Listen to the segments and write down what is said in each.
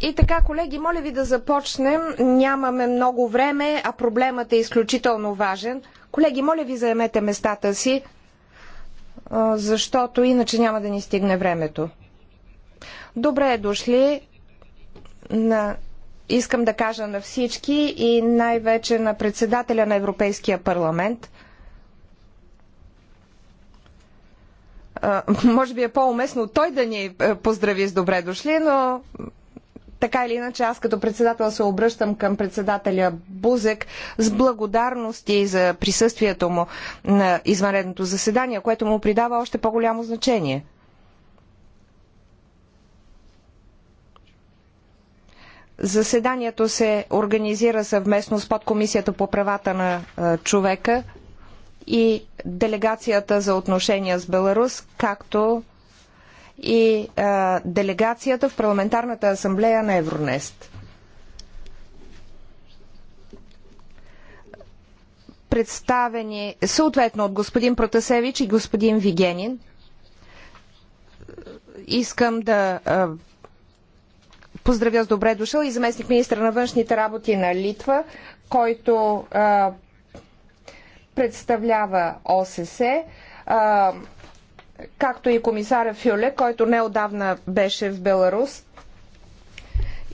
И така, колеги, моля ви да започнем. Нямаме много време, а проблемът е изключително важен. Колеги, моля ви заемете местата си, защото иначе няма да ни стигне времето. Добре е дошли на искам да кажа на всички и най-вече на председателя на Европейския парламент. може би е по-уместно той да ни е, поздрави с добре дошли, но така или иначе аз като председател се обръщам към председателя Бузек с благодарности за присъствието му на извънредното заседание, което му придава още по-голямо значение. Заседанието се организира съвместно с подкомисията по правата на е, човека – и делегацията за отношения с Беларус, както и а, делегацията в Парламентарната асамблея на Евронест. Представени съответно от господин Протасевич и господин Вигенин. Искам да а, поздравя с добре дошъл и заместник министра на външните работи на Литва, който а, представлява ОСС, а, както и комисаря Фюле, който неодавна беше в Беларус.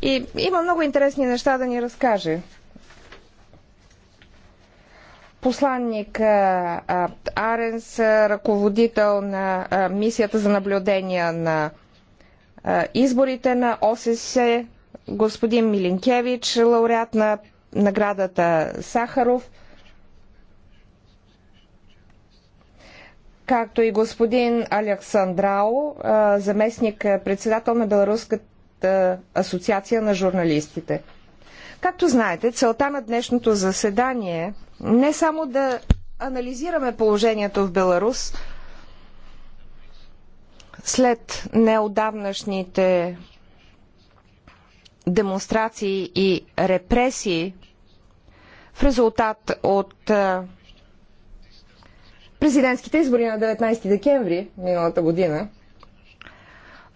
И има много интересни неща да ни разкаже. Посланник а, Аренс, ръководител на а, мисията за наблюдение на а, изборите на ОСС, господин Милинкевич, лауреат на наградата Сахаров – както и господин Александрао, заместник председател на Беларуската асоциация на журналистите. Както знаете, целта на днешното заседание е не само да анализираме положението в Беларус след неодавнашните демонстрации и репресии в резултат от президентските избори на 19 декември миналата година,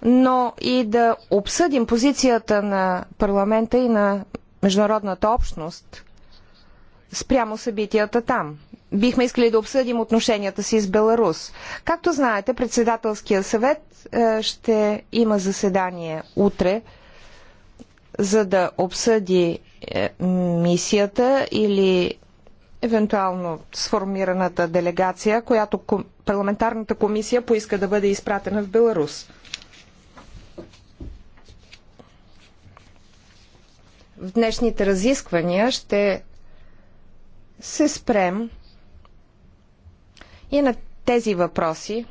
но и да обсъдим позицията на парламента и на международната общност спрямо събитията там. Бихме искали да обсъдим отношенията си с Беларус. Както знаете, председателския съвет е, ще има заседание утре, за да обсъди е, мисията или евентуално сформираната делегация, която парламентарната комисия поиска да бъде изпратена в Беларус. В днешните разисквания ще се спрем и на тези въпроси,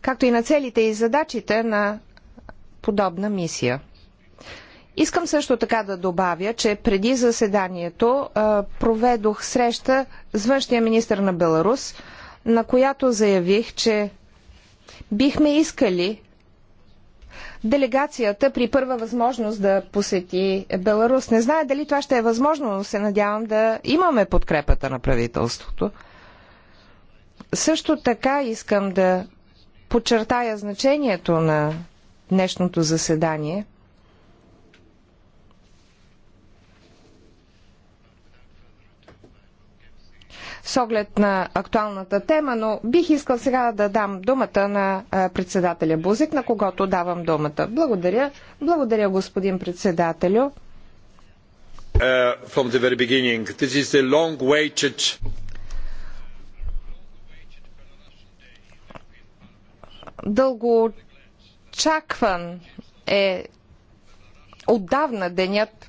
както и на целите и задачите на подобна мисия. Искам също така да добавя, че преди заседанието проведох среща с външния министр на Беларус, на която заявих, че бихме искали делегацията при първа възможност да посети Беларус. Не зная дали това ще е възможно, но се надявам да имаме подкрепата на правителството. Също така искам да подчертая значението на днешното заседание – с оглед на актуалната тема, но бих искал сега да дам думата на председателя Бузик, на когото давам думата. Благодаря. Благодаря, господин председателю. Uh, Дълго очакван е отдавна денят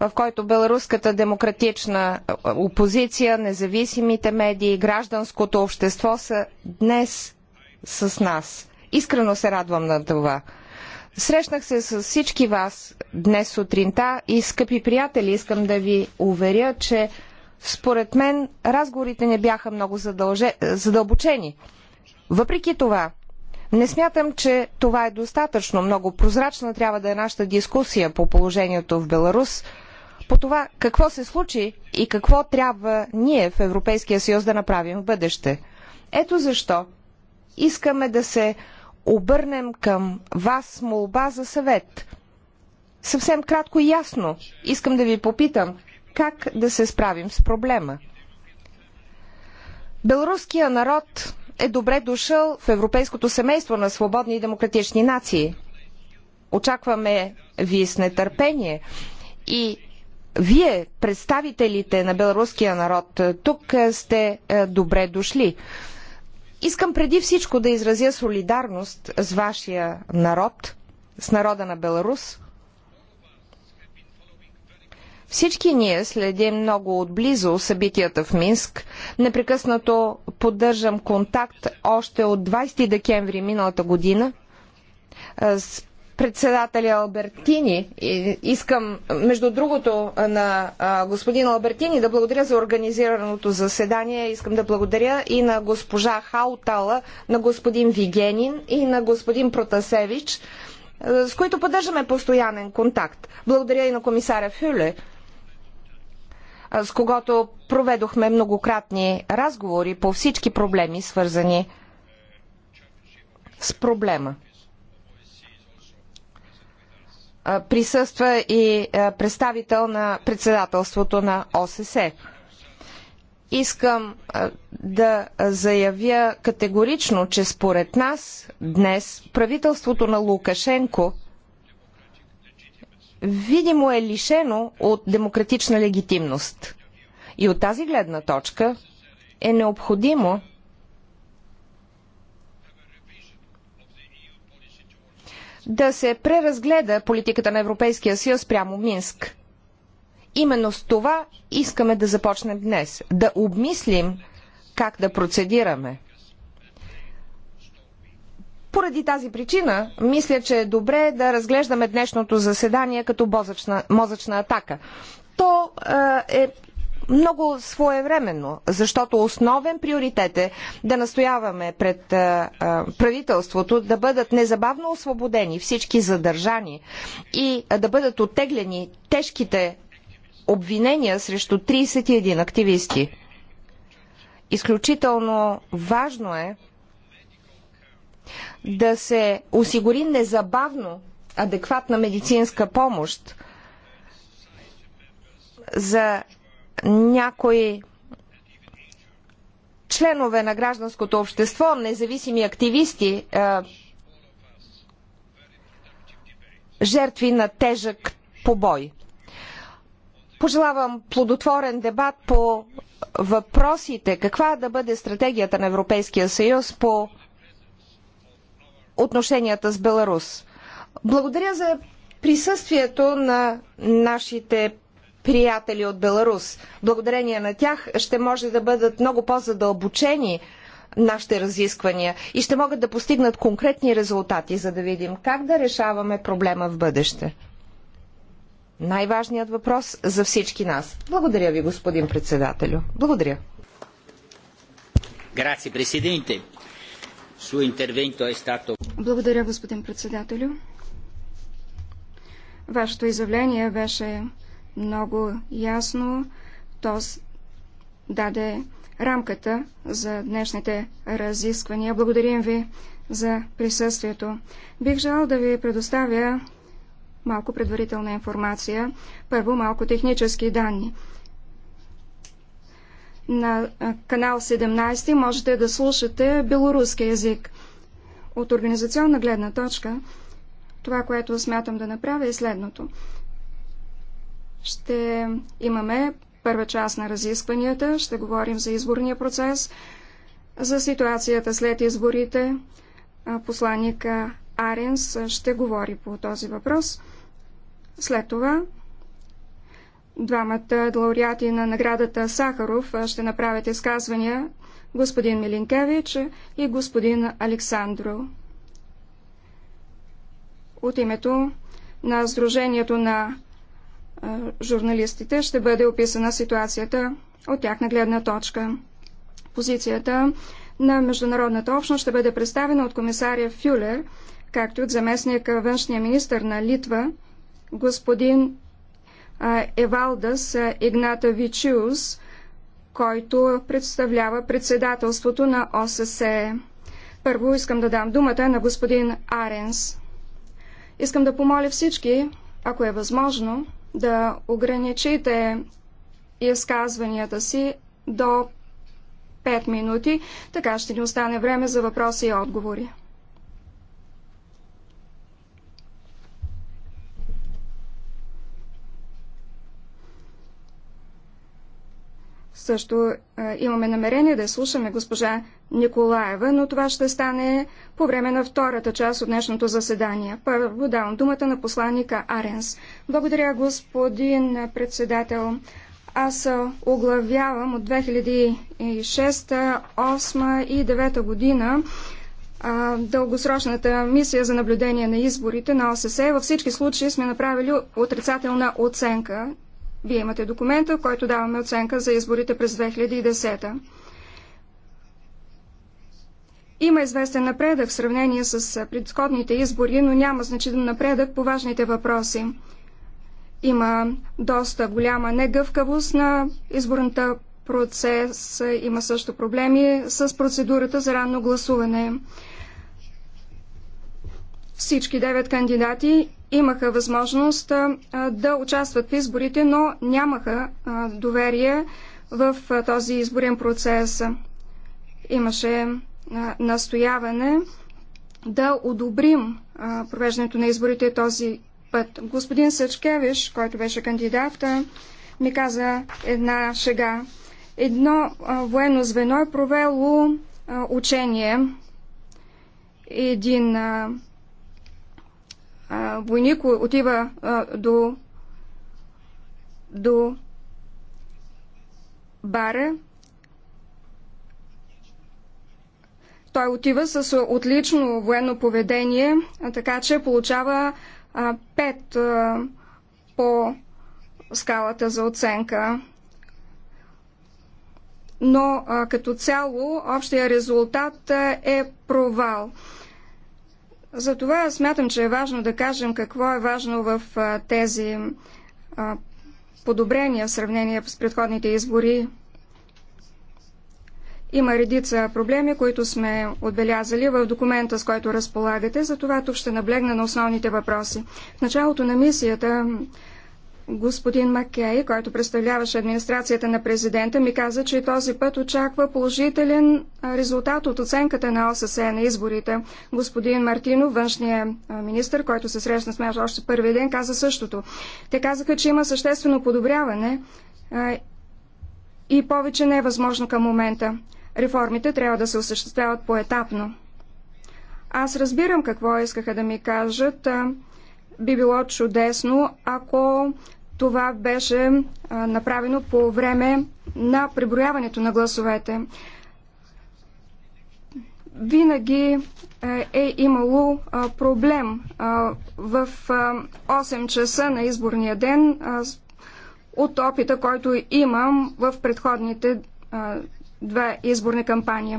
в който беларуската демократична е, опозиция, независимите медии, гражданското общество са днес с нас. Искрено се радвам на това. Срещнах се с всички вас днес сутринта и, скъпи приятели, искам да ви уверя, че според мен разговорите не бяха много задълже... Е, задълбочени. Въпреки това, не смятам, че това е достатъчно. Много прозрачна трябва да е нашата дискусия по положението в Беларус по това какво се случи и какво трябва ние в Европейския съюз да направим в бъдеще. Ето защо искаме да се обърнем към вас молба за съвет. Съвсем кратко и ясно искам да ви попитам как да се справим с проблема. Белорусският народ е добре дошъл в европейското семейство на свободни и демократични нации. Очакваме ви с нетърпение и вие, представителите на беларуския народ, е, тук е, сте е, добре дошли. Искам преди всичко да изразя солидарност с вашия народ, с народа на Беларус. Всички ние следим много отблизо събитията в Минск. Непрекъснато поддържам контакт още от 20 декември миналата година с председателя Албертини. И искам, между другото, на господин Албертини да благодаря за организираното заседание. Искам да благодаря и на госпожа Хаутала, на господин Вигенин и на господин Протасевич, с които поддържаме постоянен контакт. Благодаря и на комисаря Фюле, с когото проведохме многократни разговори по всички проблеми, свързани с проблема присъства и представител на председателството на ОССЕ. Искам да заявя категорично, че според нас днес правителството на Лукашенко видимо е лишено от демократична легитимност. И от тази гледна точка е необходимо да се преразгледа политиката на Европейския съюз прямо Минск. Именно с това искаме да започнем днес. Да обмислим как да процедираме. Поради тази причина, мисля, че е добре да разглеждаме днешното заседание като мозъчна, мозъчна атака. То е, е много своевременно, защото основен приоритет е да настояваме пред правителството да бъдат незабавно освободени всички задържани и да бъдат оттеглени тежките обвинения срещу 31 активисти. Изключително важно е да се осигури незабавно адекватна медицинска помощ за някои членове на гражданското общество, независими активисти, е, жертви на тежък побой. Пожелавам плодотворен дебат по въпросите каква да бъде стратегията на Европейския съюз по отношенията с Беларус. Благодаря за присъствието на нашите приятели от Беларус. Благодарение на тях ще може да бъдат много по-задълбочени нашите разисквания и ще могат да постигнат конкретни резултати, за да видим как да решаваме проблема в бъдеще. Най-важният въпрос за всички нас. Благодаря ви, господин председателю. Благодаря. Грация, президенте. интервенто е стато... Благодаря, господин председателю. Вашето изявление беше много ясно. То даде рамката за днешните разисквания. Благодарим ви за присъствието. Бих желал да ви предоставя малко предварителна информация. Първо малко технически данни. На канал 17 можете да слушате белоруски язик. От организационна гледна точка, това, което смятам да направя е следното ще имаме първа част на разискванията, ще говорим за изборния процес, за ситуацията след изборите. Посланник Аренс ще говори по този въпрос. След това двамата лауреати на наградата Сахаров ще направят изказвания господин Милинкевич и господин Александро. От името на Сдружението на журналистите ще бъде описана ситуацията от тяхна гледна точка. Позицията на международната общност ще бъде представена от комисаря Фюлер, както и от заместника външния министр на Литва, господин Евалдас Игната Вичиус, който представлява председателството на ОССЕ. Първо искам да дам думата на господин Аренс. Искам да помоля всички, ако е възможно, да ограничите изказванията си до 5 минути, така ще ни остане време за въпроси и отговори. Също имаме намерение да слушаме госпожа Николаева, но това ще стане по време на втората част от днешното заседание. Първо давам думата на посланника Аренс. Благодаря, господин председател. Аз оглавявам от 2006, 2008 и 2009 година дългосрочната мисия за наблюдение на изборите на ОССЕ. Във всички случаи сме направили отрицателна оценка вие имате документа, в който даваме оценка за изборите през 2010. Има известен напредък в сравнение с предходните избори, но няма значителен напредък по важните въпроси. Има доста голяма негъвкавост на изборната процес, има също проблеми с процедурата за ранно гласуване. Всички девет кандидати имаха възможност да участват в изборите, но нямаха доверие в този изборен процес. Имаше настояване да одобрим провеждането на изборите този път. Господин Съчкевиш, който беше кандидат, ми каза една шега. Едно военно звено е провело учение. Един войник отива до, до бара. Той отива с отлично военно поведение, така че получава а, по скалата за оценка. Но а, като цяло общия резултат е провал. Затова смятам, че е важно да кажем какво е важно в тези подобрения в сравнение с предходните избори. Има редица проблеми, които сме отбелязали в документа, с който разполагате, затова тук ще наблегна на основните въпроси. В началото на мисията господин Макей, който представляваше администрацията на президента, ми каза, че този път очаква положителен резултат от оценката на ОССЕ на изборите. Господин Мартинов, външния министр, който се срещна с мен още първи ден, каза същото. Те казаха, че има съществено подобряване и повече не е възможно към момента. Реформите трябва да се осъществяват поетапно. Аз разбирам какво искаха да ми кажат. Би било чудесно, ако това беше направено по време на преброяването на гласовете. Винаги е имало проблем в 8 часа на изборния ден от опита, който имам в предходните две изборни кампании.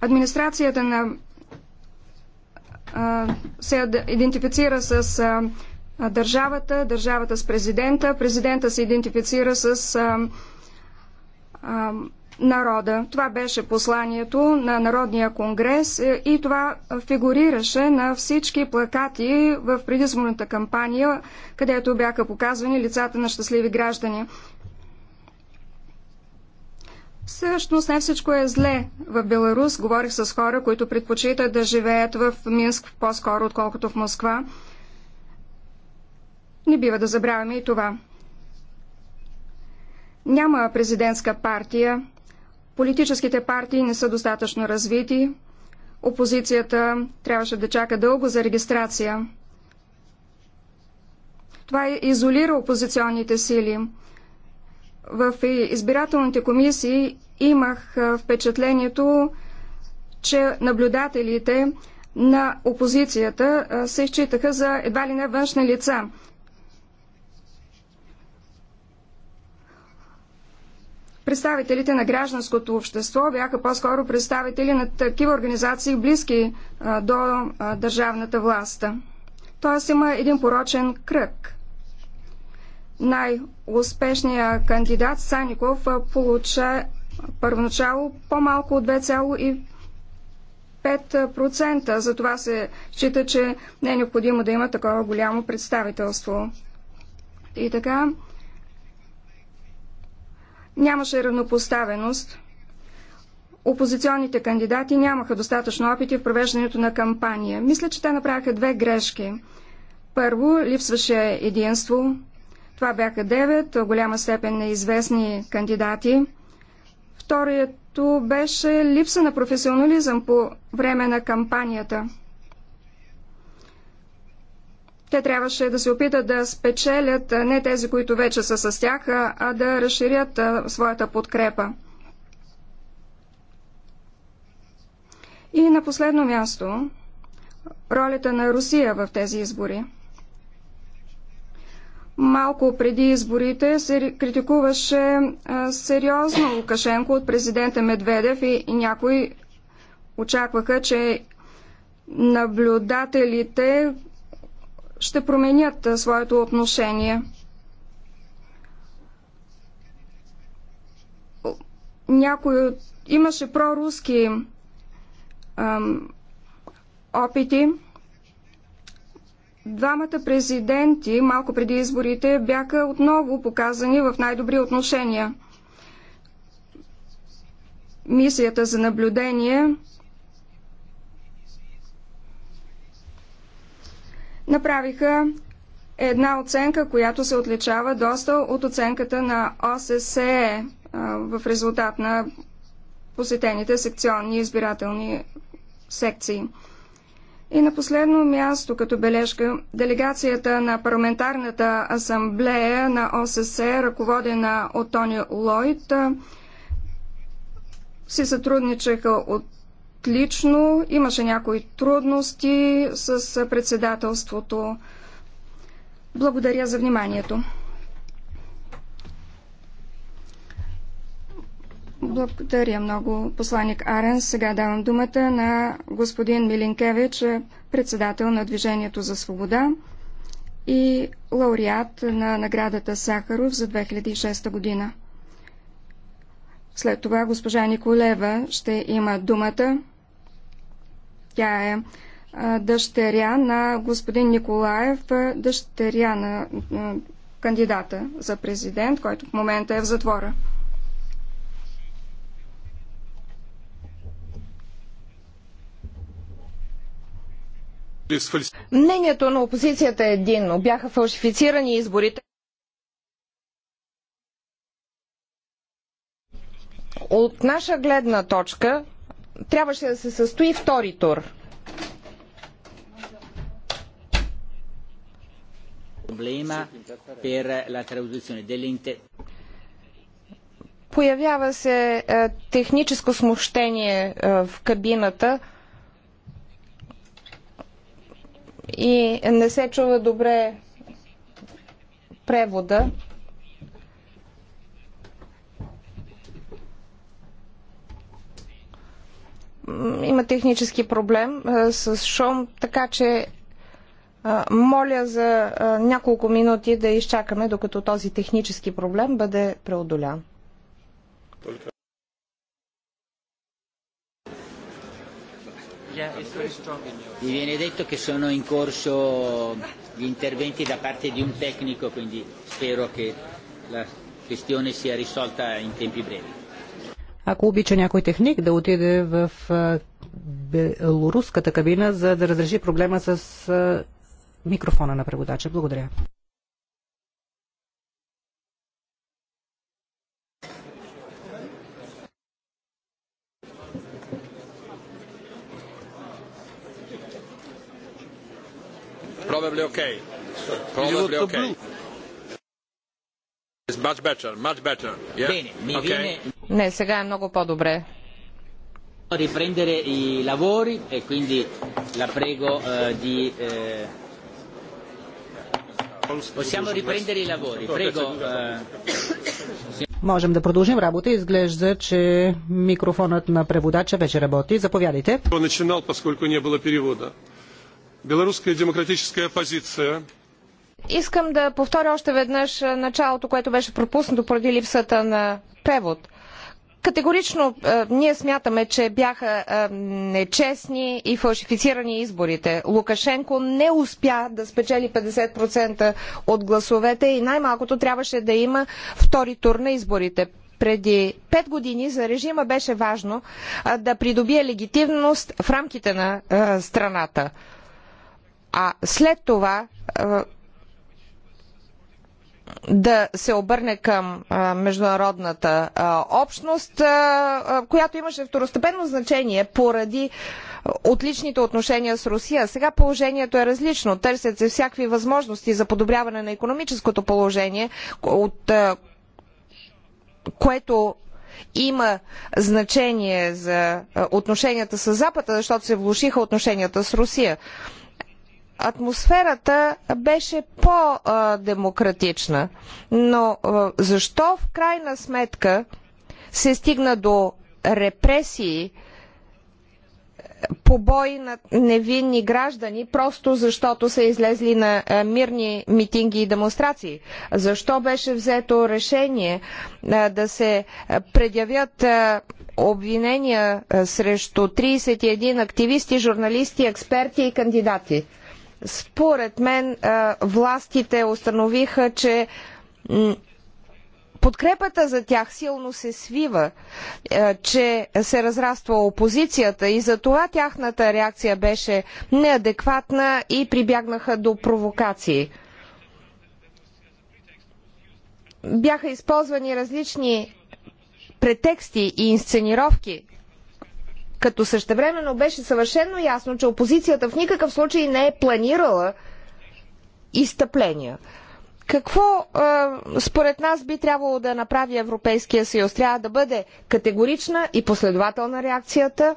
Администрацията на се идентифицира с държавата, държавата с президента. Президента се идентифицира с а, а, народа. Това беше посланието на Народния конгрес е, и това фигурираше на всички плакати в предизборната кампания, където бяха показвани лицата на щастливи граждани. Всъщност не всичко е зле в Беларус. Говорих с хора, които предпочитат да живеят в Минск по-скоро, отколкото в Москва. Не бива да забравяме и това. Няма президентска партия, политическите партии не са достатъчно развити, опозицията трябваше да чака дълго за регистрация. Това изолира опозиционните сили. В избирателните комисии имах впечатлението, че наблюдателите на опозицията се изчитаха за едва ли не външни лица. Представителите на гражданското общество бяха по-скоро представители на такива организации, близки до държавната власт. Тоест има един порочен кръг. Най-успешният кандидат Саников получа първоначало по-малко от 2,5%. За това се счита, че не е необходимо да има такова голямо представителство. И така, нямаше равнопоставеност. Опозиционните кандидати нямаха достатъчно опити в провеждането на кампания. Мисля, че те направиха две грешки. Първо, липсваше единство. Това бяха девет, голяма степен неизвестни кандидати. Вторият беше липса на професионализъм по време на кампанията. Те трябваше да се опитат да спечелят не тези, които вече са с тях, а да разширят своята подкрепа. И на последно място, ролята на Русия в тези избори. Малко преди изборите се критикуваше сериозно Лукашенко от президента Медведев и някои очакваха, че наблюдателите, ще променят своето отношение. Някои имаше проруски ам, опити. Двамата президенти, малко преди изборите, бяха отново показани в най-добри отношения. Мисията за наблюдение направиха една оценка, която се отличава доста от оценката на ОССЕ в резултат на посетените секционни избирателни секции. И на последно място, като бележка, делегацията на парламентарната асамблея на ОССЕ, ръководена от Тони Лойд, си сътрудничаха от отлично. Имаше някои трудности с председателството. Благодаря за вниманието. Благодаря много, посланник Арен. Сега давам думата на господин Милинкевич, председател на Движението за свобода и лауреат на наградата Сахаров за 2006 година. След това госпожа Николева ще има думата. Тя е дъщеря на господин Николаев, дъщеря на кандидата за президент, който в момента е в затвора. Мнението на опозицията е единно. Бяха фалшифицирани изборите. От наша гледна точка трябваше да се състои втори тур. Появява се е, техническо смущение е, в кабината и не се чува добре превода. има технически проблем с шум, така че моля за няколко минути да изчакаме, докато този технически проблем бъде преодолян. Mi viene detto che sono in corso gli interventi da parte di un tecnico, quindi spero che la questione sia risolta in tempi brevi. Ако обича някой техник да отиде в белоруската кабина, за да разреши проблема с микрофона на преводача. Благодаря. Probably okay. Probably okay. Much better, much better. Yeah? Bene, mi okay. viene... Не, сега е много по-добре. Riprendere i lavori e quindi la prego eh, di... Eh... Possiamo riprendere i lavori, prego. Eh... Можем да продължим работа. Изглежда, че микрофонът на преводача вече работи. Заповядайте. Он начинал, поскольку не было перевода. Белорусская демократическая оппозиция Искам да повторя още веднъж началото, което беше пропуснато поради липсата на превод. Категорично ние смятаме, че бяха нечестни и фалшифицирани изборите. Лукашенко не успя да спечели 50% от гласовете и най-малкото трябваше да има втори тур на изборите. Преди 5 години за режима беше важно да придобие легитимност в рамките на страната. А след това да се обърне към международната общност, която имаше второстепенно значение поради отличните отношения с Русия. Сега положението е различно. Търсят се всякакви възможности за подобряване на економическото положение, от което има значение за отношенията с Запада, защото се влушиха отношенията с Русия атмосферата беше по-демократична. Но защо в крайна сметка се стигна до репресии, побои на невинни граждани, просто защото са излезли на мирни митинги и демонстрации? Защо беше взето решение да се предявят обвинения срещу 31 активисти, журналисти, експерти и кандидати? Според мен властите установиха, че подкрепата за тях силно се свива, че се разраства опозицията и за това тяхната реакция беше неадекватна и прибягнаха до провокации. Бяха използвани различни претексти и инсценировки като същевременно беше съвършено ясно, че опозицията в никакъв случай не е планирала изтъпления. Какво според нас би трябвало да направи Европейския съюз? Трябва да бъде категорична и последователна реакцията.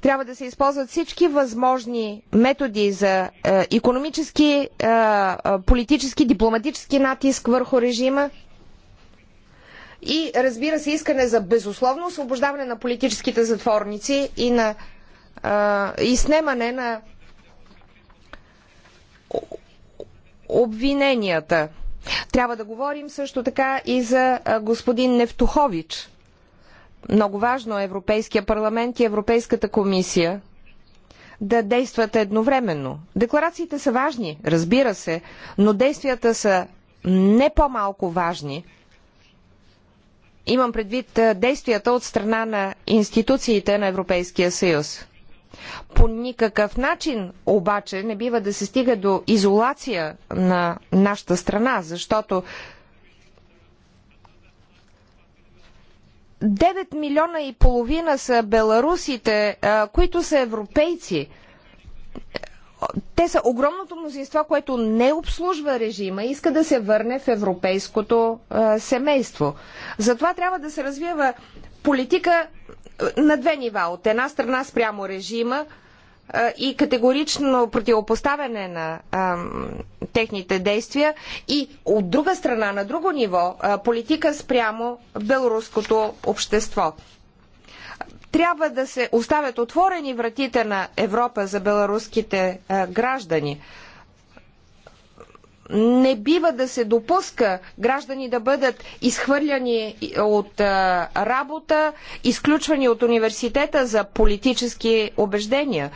Трябва да се използват всички възможни методи за економически, политически, дипломатически натиск върху режима и разбира се искане за безусловно освобождаване на политическите затворници и на а, и снемане на обвиненията. Трябва да говорим също така и за господин Нефтухович. Много важно е Европейския парламент и Европейската комисия да действат едновременно. Декларациите са важни, разбира се, но действията са не по-малко важни – Имам предвид действията от страна на институциите на Европейския съюз. По никакъв начин обаче не бива да се стига до изолация на нашата страна, защото 9 милиона и половина са беларусите, които са европейци – те са огромното мнозинство, което не обслужва режима и иска да се върне в европейското а, семейство. Затова трябва да се развива политика на две нива. От една страна спрямо режима, и категорично противопоставяне на а, техните действия и от друга страна, на друго ниво, а, политика спрямо белоруското общество трябва да се оставят отворени вратите на Европа за беларуските е, граждани. Не бива да се допуска граждани да бъдат изхвърляни от е, работа, изключвани от университета за политически убеждения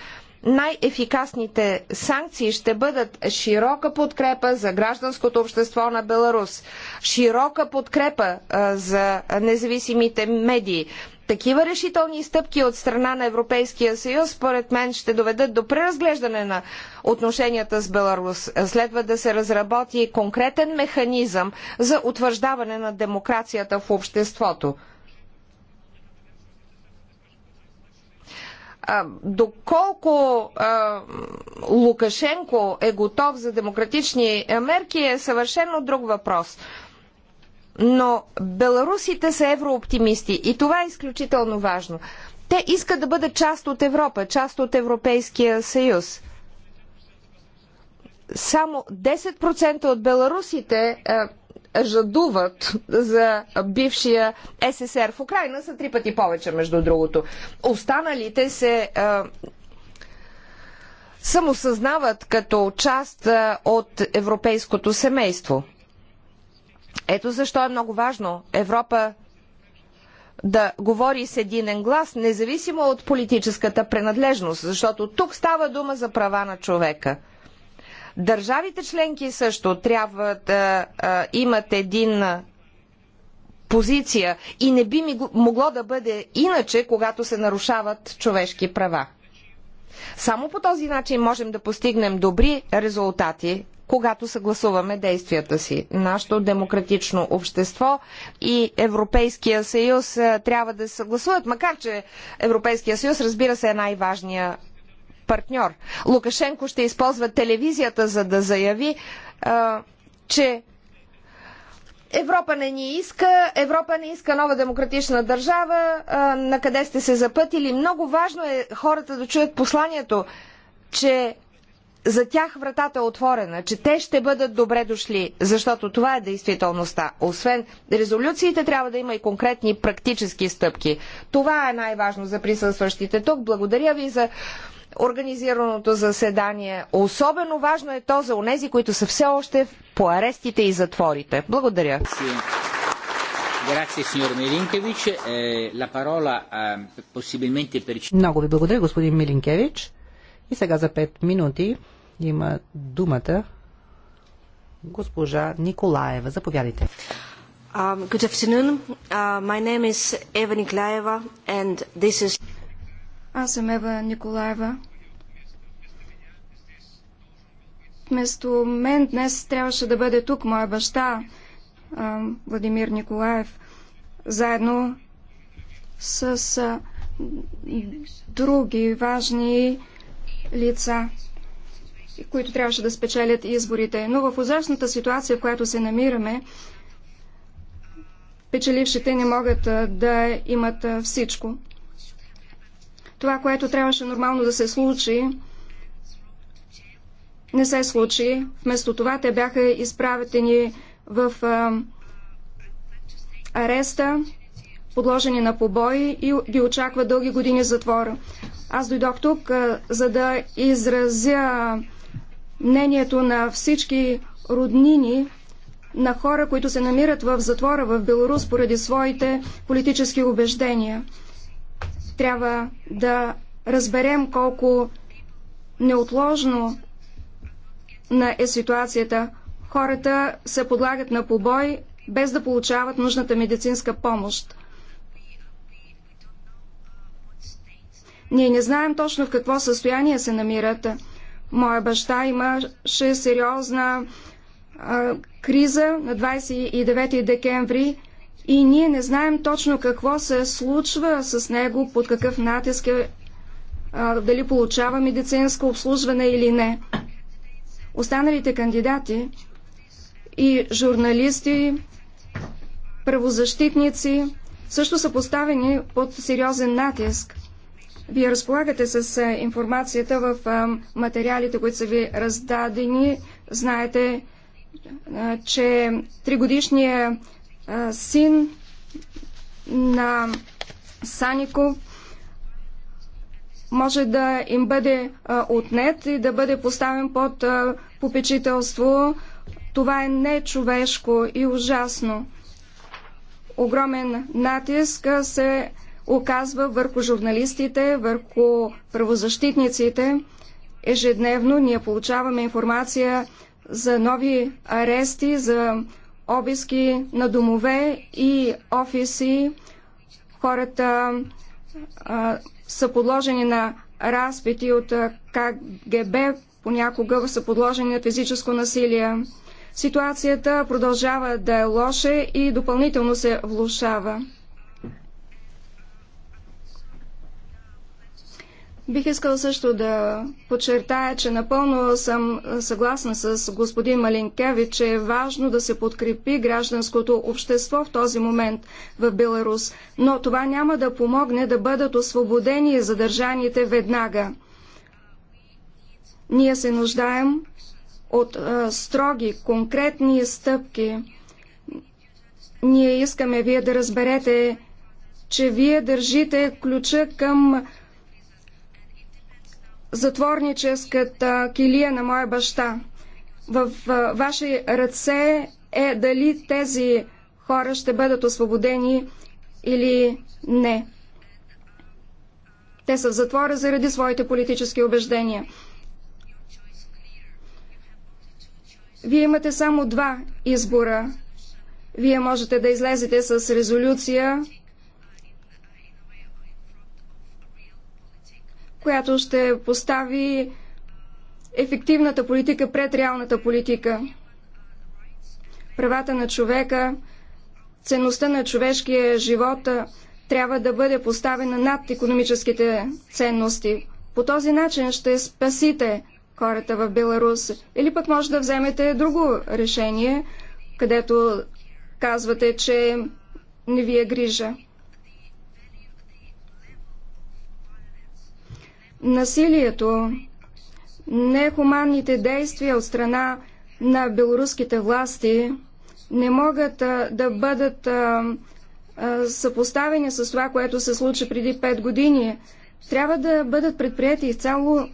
най-ефикасните санкции ще бъдат широка подкрепа за гражданското общество на Беларус, широка подкрепа е, за независимите медии, такива решителни стъпки от страна на Европейския съюз, според мен, ще доведат до преразглеждане на отношенията с Беларус. Следва да се разработи конкретен механизъм за утвърждаване на демокрацията в обществото. доколко а, Лукашенко е готов за демократични мерки е съвършено друг въпрос но беларусите са еврооптимисти и това е изключително важно. Те искат да бъдат част от Европа, част от Европейския съюз. Само 10% от беларусите е, жадуват за бившия СССР. В Украина са три пъти повече, между другото. Останалите се е, самосъзнават като част е, от европейското семейство. Ето защо е много важно Европа да говори с единен глас, независимо от политическата принадлежност, защото тук става дума за права на човека. Държавите членки също трябва да а, имат един позиция и не би могло да бъде иначе, когато се нарушават човешки права. Само по този начин можем да постигнем добри резултати, когато съгласуваме действията си. Нашето демократично общество и Европейския съюз е, трябва да се съгласуват, макар че Европейския съюз, разбира се, е най-важният партньор. Лукашенко ще използва телевизията, за да заяви, е, че Европа не ни иска, Европа не иска нова демократична държава, на къде сте се запътили. Много важно е хората да чуят посланието, че за тях вратата е отворена, че те ще бъдат добре дошли, защото това е действителността. Освен резолюциите, трябва да има и конкретни практически стъпки. Това е най-важно за присъстващите тук. Благодаря ви за организираното заседание. Особено важно е то за онези, които са все още по арестите и затворите. Благодаря. Е, е, Много ви благодаря, господин Милинкевич. И сега за 5 минути има думата госпожа Николаева. Заповядайте. Um, good afternoon. Uh, my name is Eva Nikolaeva and this is... Аз съм Ева Николаева. Вместо мен днес трябваше да бъде тук моя баща, Владимир Николаев, заедно с други важни лица, които трябваше да спечелят изборите. Но в ужасната ситуация, в която се намираме, печелившите не могат да имат всичко. Това, което трябваше нормално да се случи, не се случи. Вместо това те бяха изправени в а, ареста, подложени на побои и ги очаква дълги години затвора. Аз дойдох тук, а, за да изразя мнението на всички роднини на хора, които се намират в затвора в Беларус поради своите политически убеждения. Трябва да разберем колко неотложно на е ситуацията. Хората се подлагат на побой, без да получават нужната медицинска помощ. Ние не знаем точно в какво състояние се намират. Моя баща имаше сериозна а, криза на 29 декември и ние не знаем точно какво се случва с него, под какъв натиск е, дали получава медицинско обслужване или не. Останалите кандидати и журналисти, правозащитници също са поставени под сериозен натиск. Вие разполагате с информацията в материалите, които са ви раздадени. Знаете, че тригодишният син на Санико може да им бъде отнет и да бъде поставен под попечителство. Това е нечовешко и ужасно. Огромен натиск се оказва върху журналистите, върху правозащитниците. Ежедневно ние получаваме информация за нови арести, за обиски на домове и офиси. Хората а, са подложени на разпити от КГБ, понякога са подложени на физическо насилие. Ситуацията продължава да е лоша и допълнително се влушава. Бих искал също да подчертая, че напълно съм съгласна с господин Малинкевич, че е важно да се подкрепи гражданското общество в този момент в Беларус, но това няма да помогне да бъдат освободени задържаните веднага. Ние се нуждаем от а, строги, конкретни стъпки. Ние искаме вие да разберете, че вие държите ключа към затворническата килия на моя баща. В ваши ръце е дали тези хора ще бъдат освободени или не. Те са в затвора заради своите политически убеждения. Вие имате само два избора. Вие можете да излезете с резолюция която ще постави ефективната политика пред реалната политика. Правата на човека, ценността на човешкия живот трябва да бъде поставена над економическите ценности. По този начин ще спасите хората в Беларус. Или пък може да вземете друго решение, където казвате, че не ви е грижа. Насилието, нехуманните действия от страна на белоруските власти не могат а, да бъдат а, а, съпоставени с това, което се случи преди 5 години. Трябва да бъдат предприяти изцяло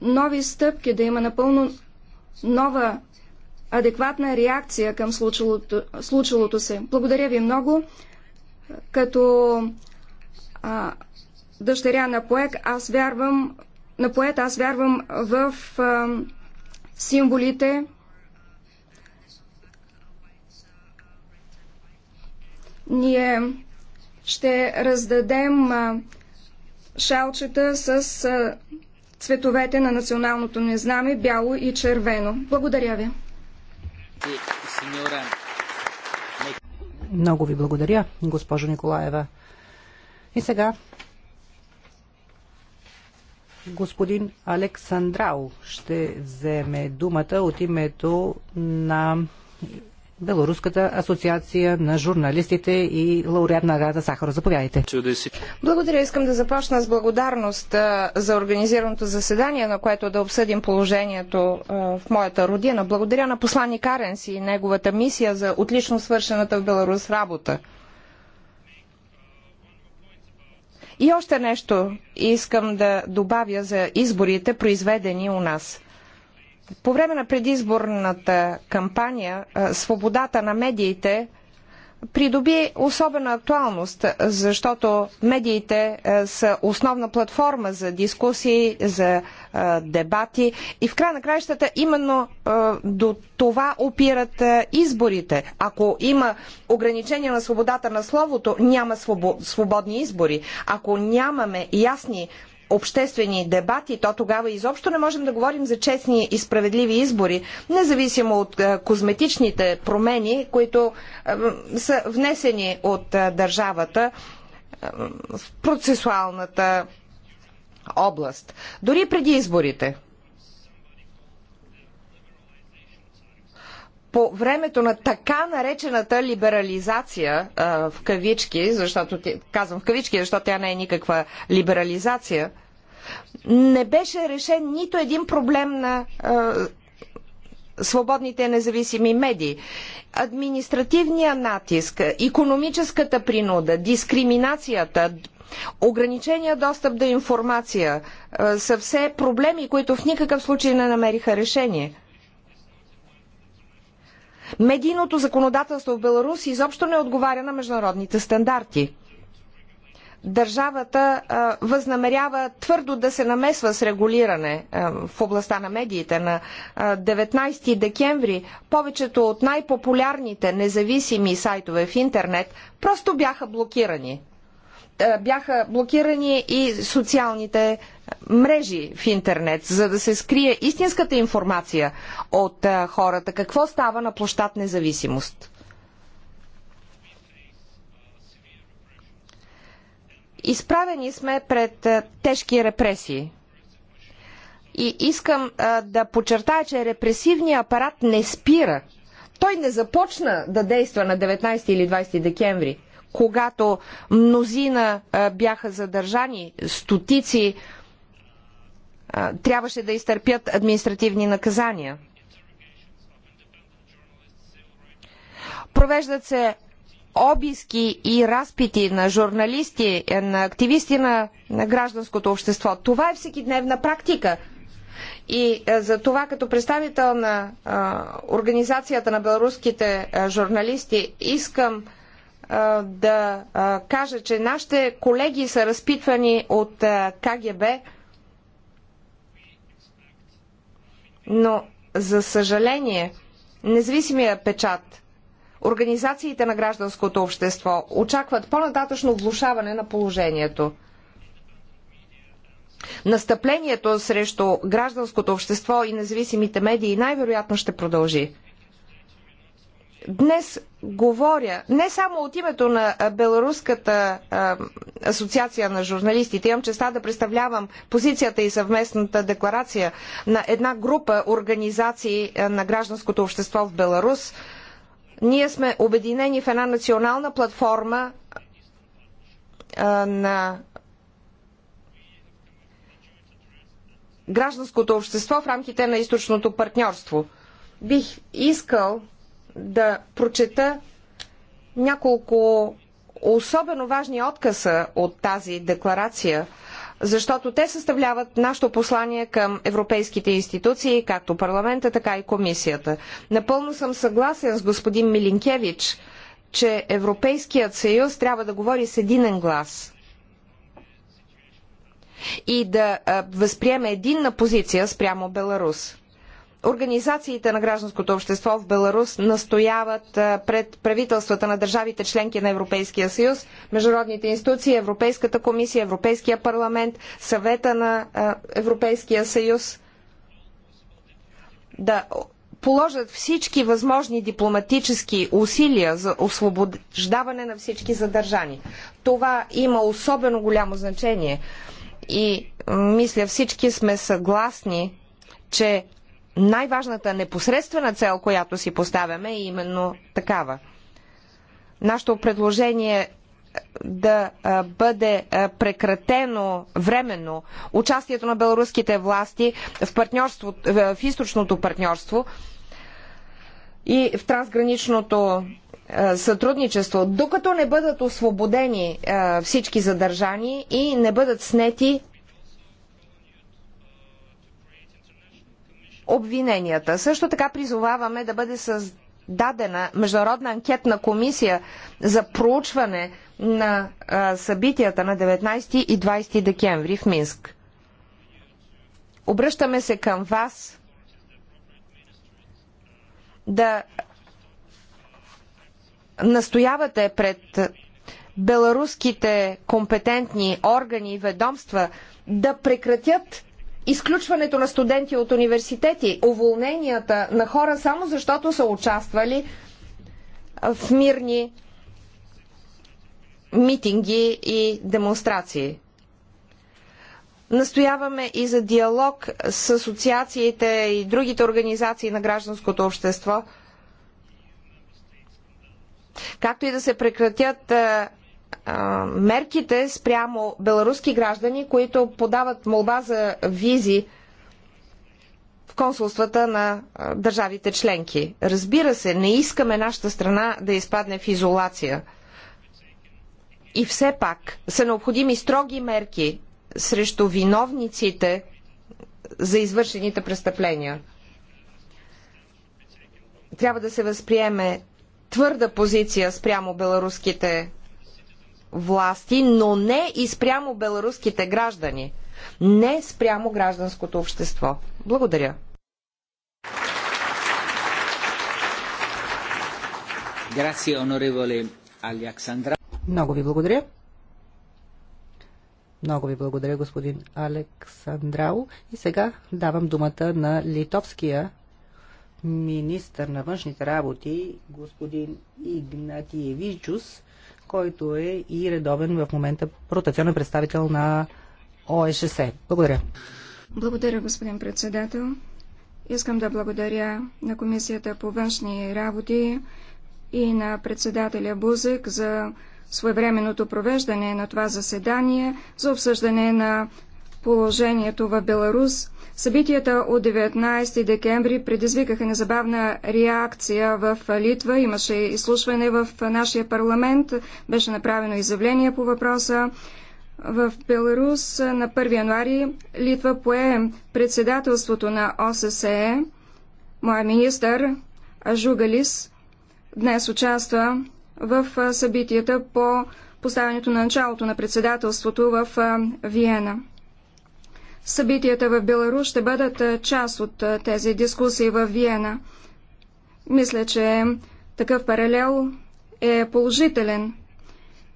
нови стъпки, да има напълно нова адекватна реакция към случилото, случилото се. Благодаря ви много. Като а, дъщеря на поет, аз вярвам, на поет, аз вярвам в а, символите, ние ще раздадем а, шалчета с а, цветовете на националното ни знаме бяло и червено. Благодаря ви. Много ви благодаря, госпожо Николаева. И сега господин Александрау ще вземе думата от името на Белоруската асоциация на журналистите и лауреат на награда Сахара. Заповядайте. Благодаря. Искам да започна с благодарност за организираното заседание, на което да обсъдим положението в моята родина. Благодаря на посланник Аренси и неговата мисия за отлично свършената в Беларус работа. И още нещо искам да добавя за изборите, произведени у нас. По време на предизборната кампания свободата на медиите придоби особена актуалност, защото медиите е, са основна платформа за дискусии, за е, дебати и в край на краищата именно е, до това опират изборите. Ако има ограничение на свободата на словото, няма свободни избори. Ако нямаме ясни обществени дебати, то тогава изобщо не можем да говорим за честни и справедливи избори, независимо от е, козметичните промени, които е, са внесени от е, държавата в процесуалната област. Дори преди изборите. по времето на така наречената либерализация в кавички, защото казвам в кавички, защото тя не е никаква либерализация, не беше решен нито един проблем на свободните независими медии. Административния натиск, економическата принуда, дискриминацията, ограничения достъп до информация са все проблеми, които в никакъв случай не намериха решение медийното законодателство в Беларус изобщо не отговаря на международните стандарти. Държавата а, възнамерява твърдо да се намесва с регулиране а, в областта на медиите. На а, 19 декември повечето от най-популярните независими сайтове в интернет просто бяха блокирани. Е, бяха блокирани и социалните мрежи в интернет, за да се скрие истинската информация от е, хората. Какво става на площад независимост? Изправени сме пред е, тежки репресии. И искам да подчертая, че репресивният апарат не спира. Той не започна да действа на 19 или 20 декември когато мнозина бяха задържани, стотици трябваше да изтърпят административни наказания. Провеждат се обиски и разпити на журналисти, на активисти на, на гражданското общество. Това е всекидневна практика. И за това като представител на а, Организацията на беларуските а, журналисти искам да кажа, че нашите колеги са разпитвани от КГБ, но за съжаление, независимия печат, организациите на гражданското общество очакват по-нататъчно влушаване на положението. Настъплението срещу гражданското общество и независимите медии най-вероятно ще продължи. Днес говоря не само от името на Беларуската асоциация на журналистите, имам честа да представлявам позицията и съвместната декларация на една група организации на гражданското общество в Беларус. Ние сме обединени в една национална платформа на гражданското общество в рамките на източното партньорство. Бих искал да прочета няколко особено важни откъса от тази декларация, защото те съставляват нашето послание към европейските институции, както парламента, така и комисията. Напълно съм съгласен с господин Милинкевич, че Европейският съюз трябва да говори с единен глас и да възприеме единна позиция спрямо Беларус. Организациите на гражданското общество в Беларус настояват пред правителствата на държавите членки на Европейския съюз, международните институции, Европейската комисия, Европейския парламент, съвета на Европейския съюз да положат всички възможни дипломатически усилия за освобождаване на всички задържани. Това има особено голямо значение и мисля всички сме съгласни, че най-важната непосредствена цел, която си поставяме, е именно такава. Нашето предложение е да бъде прекратено временно участието на беларуските власти в, партньорство, в източното партньорство и в трансграничното сътрудничество, докато не бъдат освободени всички задържани и не бъдат снети обвиненията. Също така призоваваме да бъде създадена международна анкетна комисия за проучване на събитията на 19 и 20 декември в Минск. Обръщаме се към вас да настоявате пред беларуските компетентни органи и ведомства да прекратят изключването на студенти от университети, уволненията на хора само защото са участвали в мирни митинги и демонстрации. Настояваме и за диалог с асоциациите и другите организации на гражданското общество, както и да се прекратят е, мерките спрямо беларуски граждани, които подават молба за визи в консулствата на държавите членки. Разбира се, не искаме нашата страна да изпадне в изолация. И все пак са необходими строги мерки срещу виновниците за извършените престъпления. Трябва да се възприеме твърда позиция спрямо беларуските власти, но не и спрямо беларуските граждани, не спрямо гражданското общество. Благодаря. Много ви благодаря. Много ви благодаря, господин Александрау. И сега давам думата на литовския министър на външните работи, господин Игнатиевичус, който е и редовен в момента ротационен представител на ОССЕ. Благодаря. Благодаря, господин председател. Искам да благодаря на Комисията по външни работи и на председателя Бузик за своевременното провеждане на това заседание за обсъждане на положението в Беларус. Събитията от 19 декември предизвикаха незабавна реакция в Литва. Имаше изслушване в нашия парламент, беше направено изявление по въпроса. В Беларус на 1 януари Литва пое председателството на ОССЕ. Моя министър Ажугалис днес участва в събитията по поставянето на началото на председателството в Виена. Събитията в Беларус ще бъдат част от тези дискусии в Виена. Мисля, че такъв паралел е положителен.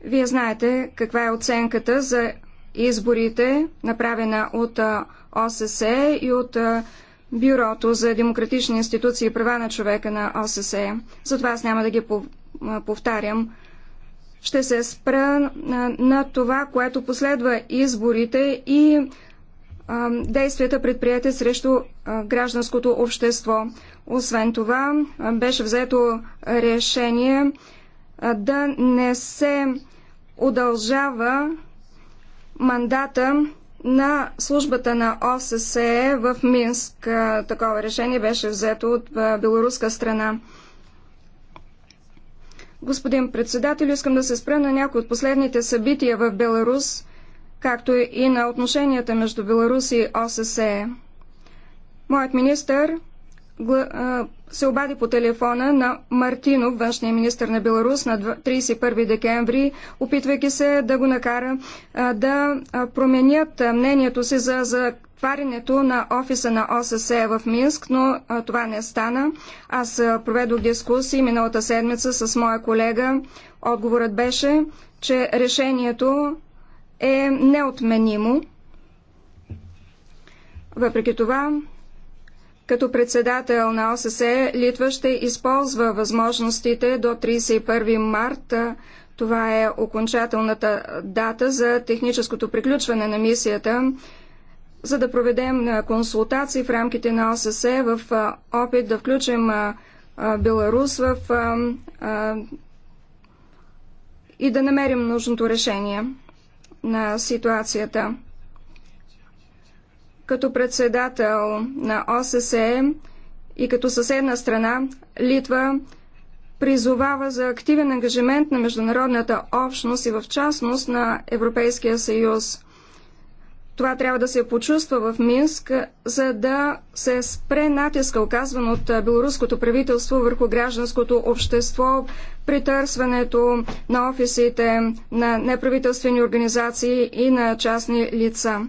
Вие знаете каква е оценката за изборите, направена от ОССЕ и от Бюрото за демократични институции и права на човека на ОССЕ. Затова аз няма да ги повтарям. Ще се спра на това, което последва изборите и действията предприяти срещу гражданското общество. Освен това, беше взето решение да не се удължава мандата на службата на ОССЕ в Минск. Такова решение беше взето от белоруска страна. Господин председател, искам да се спра на някои от последните събития в Беларус – както и на отношенията между Беларус и ОССЕ. Моят министър се обади по телефона на Мартинов, външния министр на Беларус, на 31 декември, опитвайки се да го накара да променят мнението си за затварянето на офиса на ОССЕ в Минск, но това не стана. Аз проведох дискусии миналата седмица с моя колега. Отговорът беше, че решението е неотменимо. Въпреки това, като председател на ОССЕ, Литва ще използва възможностите до 31 марта. Това е окончателната дата за техническото приключване на мисията, за да проведем консултации в рамките на ОССЕ в опит да включим Беларус в и да намерим нужното решение на ситуацията. Като председател на ОССЕ и като съседна страна, Литва призовава за активен ангажимент на международната общност и в частност на Европейския съюз – това трябва да се почувства в Минск, за да се спре натиска, оказван от белоруското правителство върху гражданското общество, притърсването на офисите на неправителствени организации и на частни лица.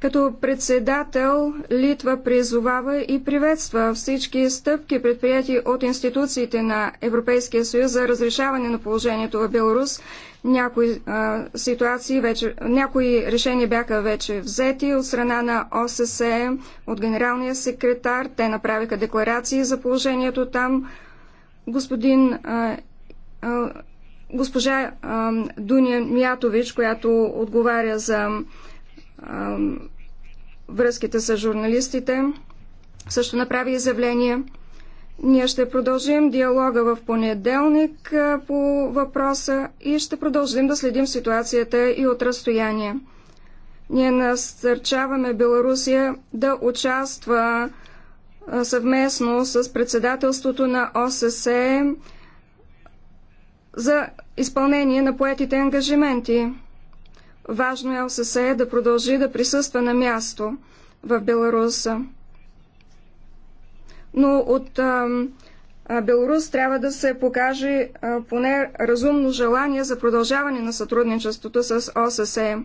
Като председател Литва призовава и приветства всички стъпки, предприяти от институциите на Европейския съюз за разрешаване на положението в Беларус някои а, ситуации вече, някои решения бяха вече взети от страна на ОССЕ, от генералния секретар. Те направиха декларации за положението там. Господин а, а, госпожа а, Дуния Мятович, която отговаря за а, връзките с журналистите, също направи изявление. Ние ще продължим диалога в понеделник по въпроса и ще продължим да следим ситуацията и от разстояние. Ние насърчаваме Белорусия да участва съвместно с председателството на ОССЕ за изпълнение на поетите ангажименти. Важно е ОССЕ да продължи да присъства на място в Беларуса но от Беларус трябва да се покаже поне разумно желание за продължаване на сътрудничеството с ОССЕ.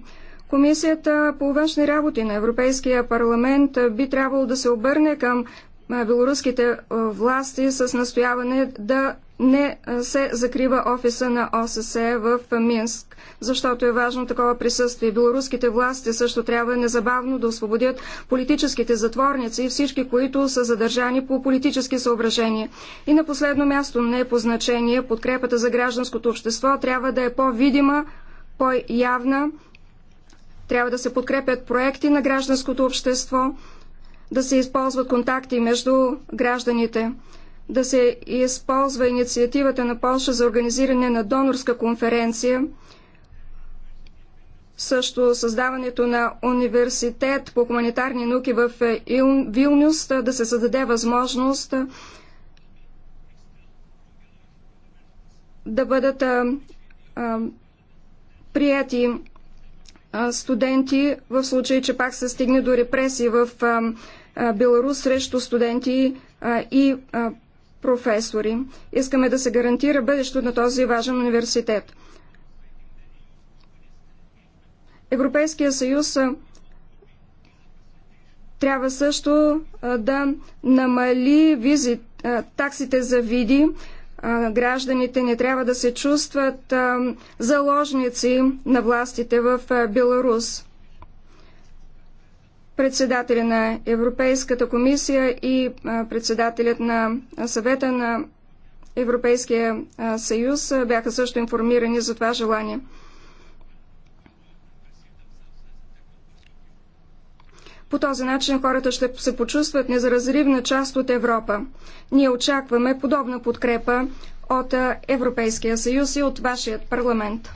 Комисията по външни работи на Европейския парламент би трябвало да се обърне към белоруските власти с настояване да не се закрива офиса на ОССЕ в Минск, защото е важно такова присъствие. Белоруските власти също трябва незабавно да освободят политическите затворници и всички, които са задържани по политически съображения. И на последно място, не е по значение, подкрепата за гражданското общество трябва да е по-видима, по-явна, трябва да се подкрепят проекти на гражданското общество, да се използват контакти между гражданите, да се използва инициативата на Польша за организиране на донорска конференция, също създаването на университет по хуманитарни науки в е, Вилнюс, да се създаде възможност да бъдат а, а, прияти а, студенти в случай, че пак се стигне до репресии в а, Беларус срещу студенти и професори. Искаме да се гарантира бъдещето на този важен университет. Европейския съюз трябва също да намали визи, таксите за види. Гражданите не трябва да се чувстват заложници на властите в Беларус председателя на Европейската комисия и председателят на съвета на Европейския съюз бяха също информирани за това желание. По този начин хората ще се почувстват незаразривна част от Европа. Ние очакваме подобна подкрепа от Европейския съюз и от вашият парламент.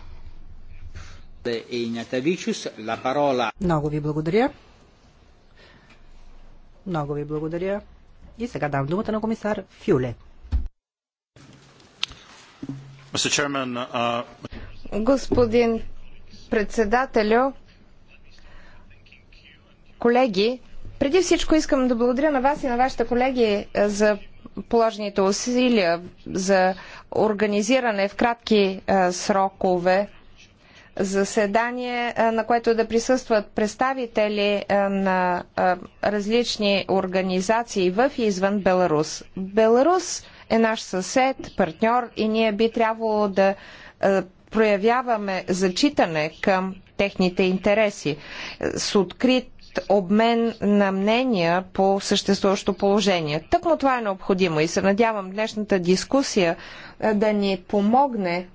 Много ви благодаря. Много ви благодаря. И сега дам думата на комисар Фюле. Господин председателю, колеги, преди всичко искам да благодаря на вас и на вашите колеги е, за положените усилия за организиране в кратки е, срокове заседание, на което да присъстват представители на различни организации в и извън Беларус. Беларус е наш съсед, партньор и ние би трябвало да проявяваме зачитане към техните интереси с открит обмен на мнения по съществуващо положение. Тъкмо това е необходимо и се надявам днешната дискусия да ни помогне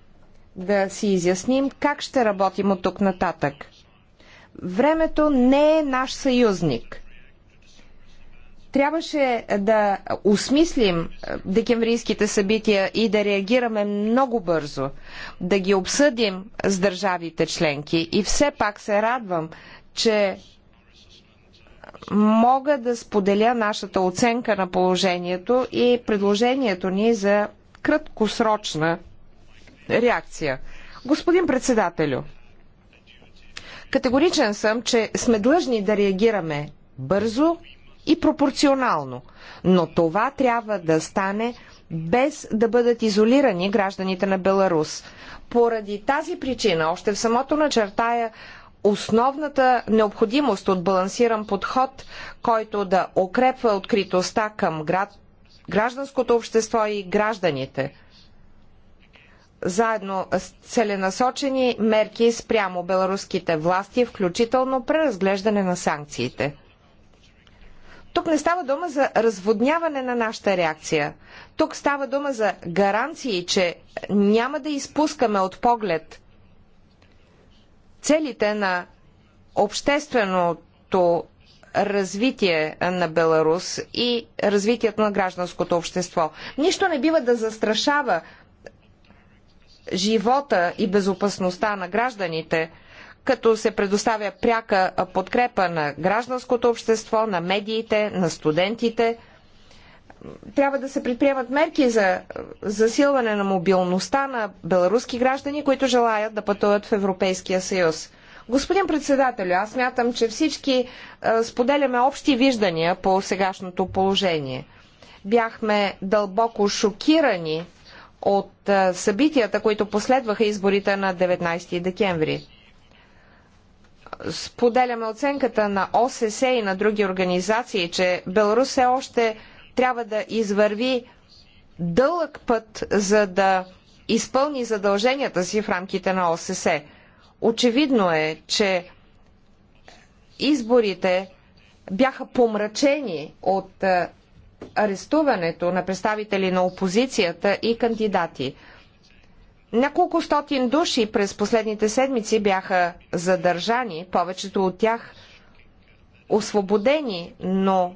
да си изясним как ще работим от тук нататък. Времето не е наш съюзник. Трябваше да осмислим е, декемврийските събития и да реагираме много бързо, да ги обсъдим с държавите членки и все пак се радвам, че мога да споделя нашата оценка на положението и предложението ни за краткосрочна реакция. Господин председателю, категоричен съм, че сме длъжни да реагираме бързо и пропорционално, но това трябва да стане без да бъдат изолирани гражданите на Беларус. Поради тази причина, още в самото начертая основната необходимост от балансиран подход, който да укрепва откритостта към град, гражданското общество и гражданите – заедно с целенасочени мерки спрямо беларуските власти, включително преразглеждане на санкциите. Тук не става дума за разводняване на нашата реакция. Тук става дума за гаранции, че няма да изпускаме от поглед целите на общественото развитие на Беларус и развитието на гражданското общество. Нищо не бива да застрашава живота и безопасността на гражданите, като се предоставя пряка подкрепа на гражданското общество, на медиите, на студентите. Трябва да се предприемат мерки за засилване на мобилността на беларуски граждани, които желаят да пътуват в Европейския съюз. Господин председател, аз мятам, че всички е, споделяме общи виждания по сегашното положение. Бяхме дълбоко шокирани от събитията, които последваха изборите на 19 декември. Споделяме оценката на ОССЕ и на други организации, че Беларус все още трябва да извърви дълъг път, за да изпълни задълженията си в рамките на ОССЕ. Очевидно е, че изборите бяха помрачени от арестуването на представители на опозицията и кандидати. Няколко стотин души през последните седмици бяха задържани, повечето от тях освободени, но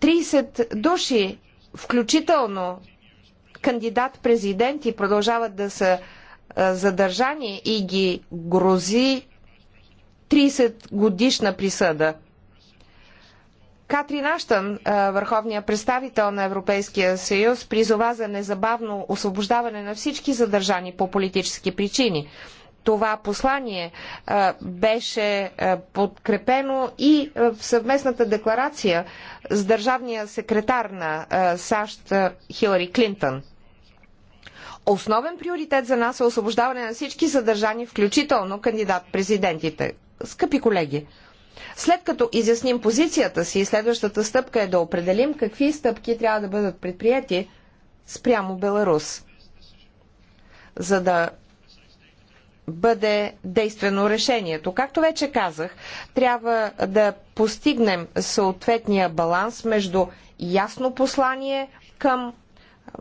30 души, включително кандидат-президенти, продължават да са задържани и ги грози 30 годишна присъда. Катрин Аштън, върховния представител на Европейския съюз, призова за незабавно освобождаване на всички задържани по политически причини. Това послание беше подкрепено и в съвместната декларация с държавния секретар на САЩ Хилари Клинтън. Основен приоритет за нас е освобождаване на всички задържани, включително кандидат-президентите. Скъпи колеги, след като изясним позицията си, следващата стъпка е да определим какви стъпки трябва да бъдат предприяти спрямо Беларус, за да бъде действено решението. Както вече казах, трябва да постигнем съответния баланс между ясно послание към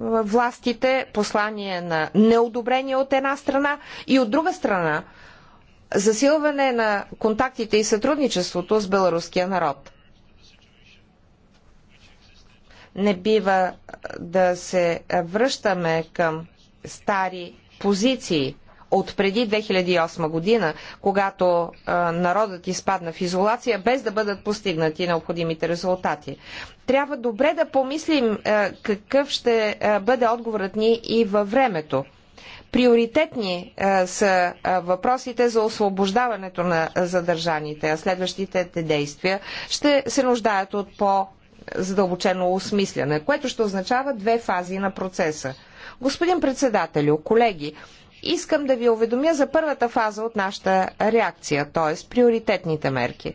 властите, послание на неодобрение от една страна и от друга страна засилване на контактите и сътрудничеството с беларуския народ. Не бива да се връщаме към стари позиции от преди 2008 година, когато а, народът изпадна в изолация, без да бъдат постигнати необходимите резултати. Трябва добре да помислим а, какъв ще а, бъде отговорът ни и във времето. Приоритетни а, е, са а, е, въпросите за освобождаването на задържаните, а следващите те действия ще се нуждаят от по-задълбочено осмисляне, което ще означава две фази на процеса. Господин председателю, колеги, искам да ви уведомя за първата фаза от нашата реакция, т.е. приоритетните мерки.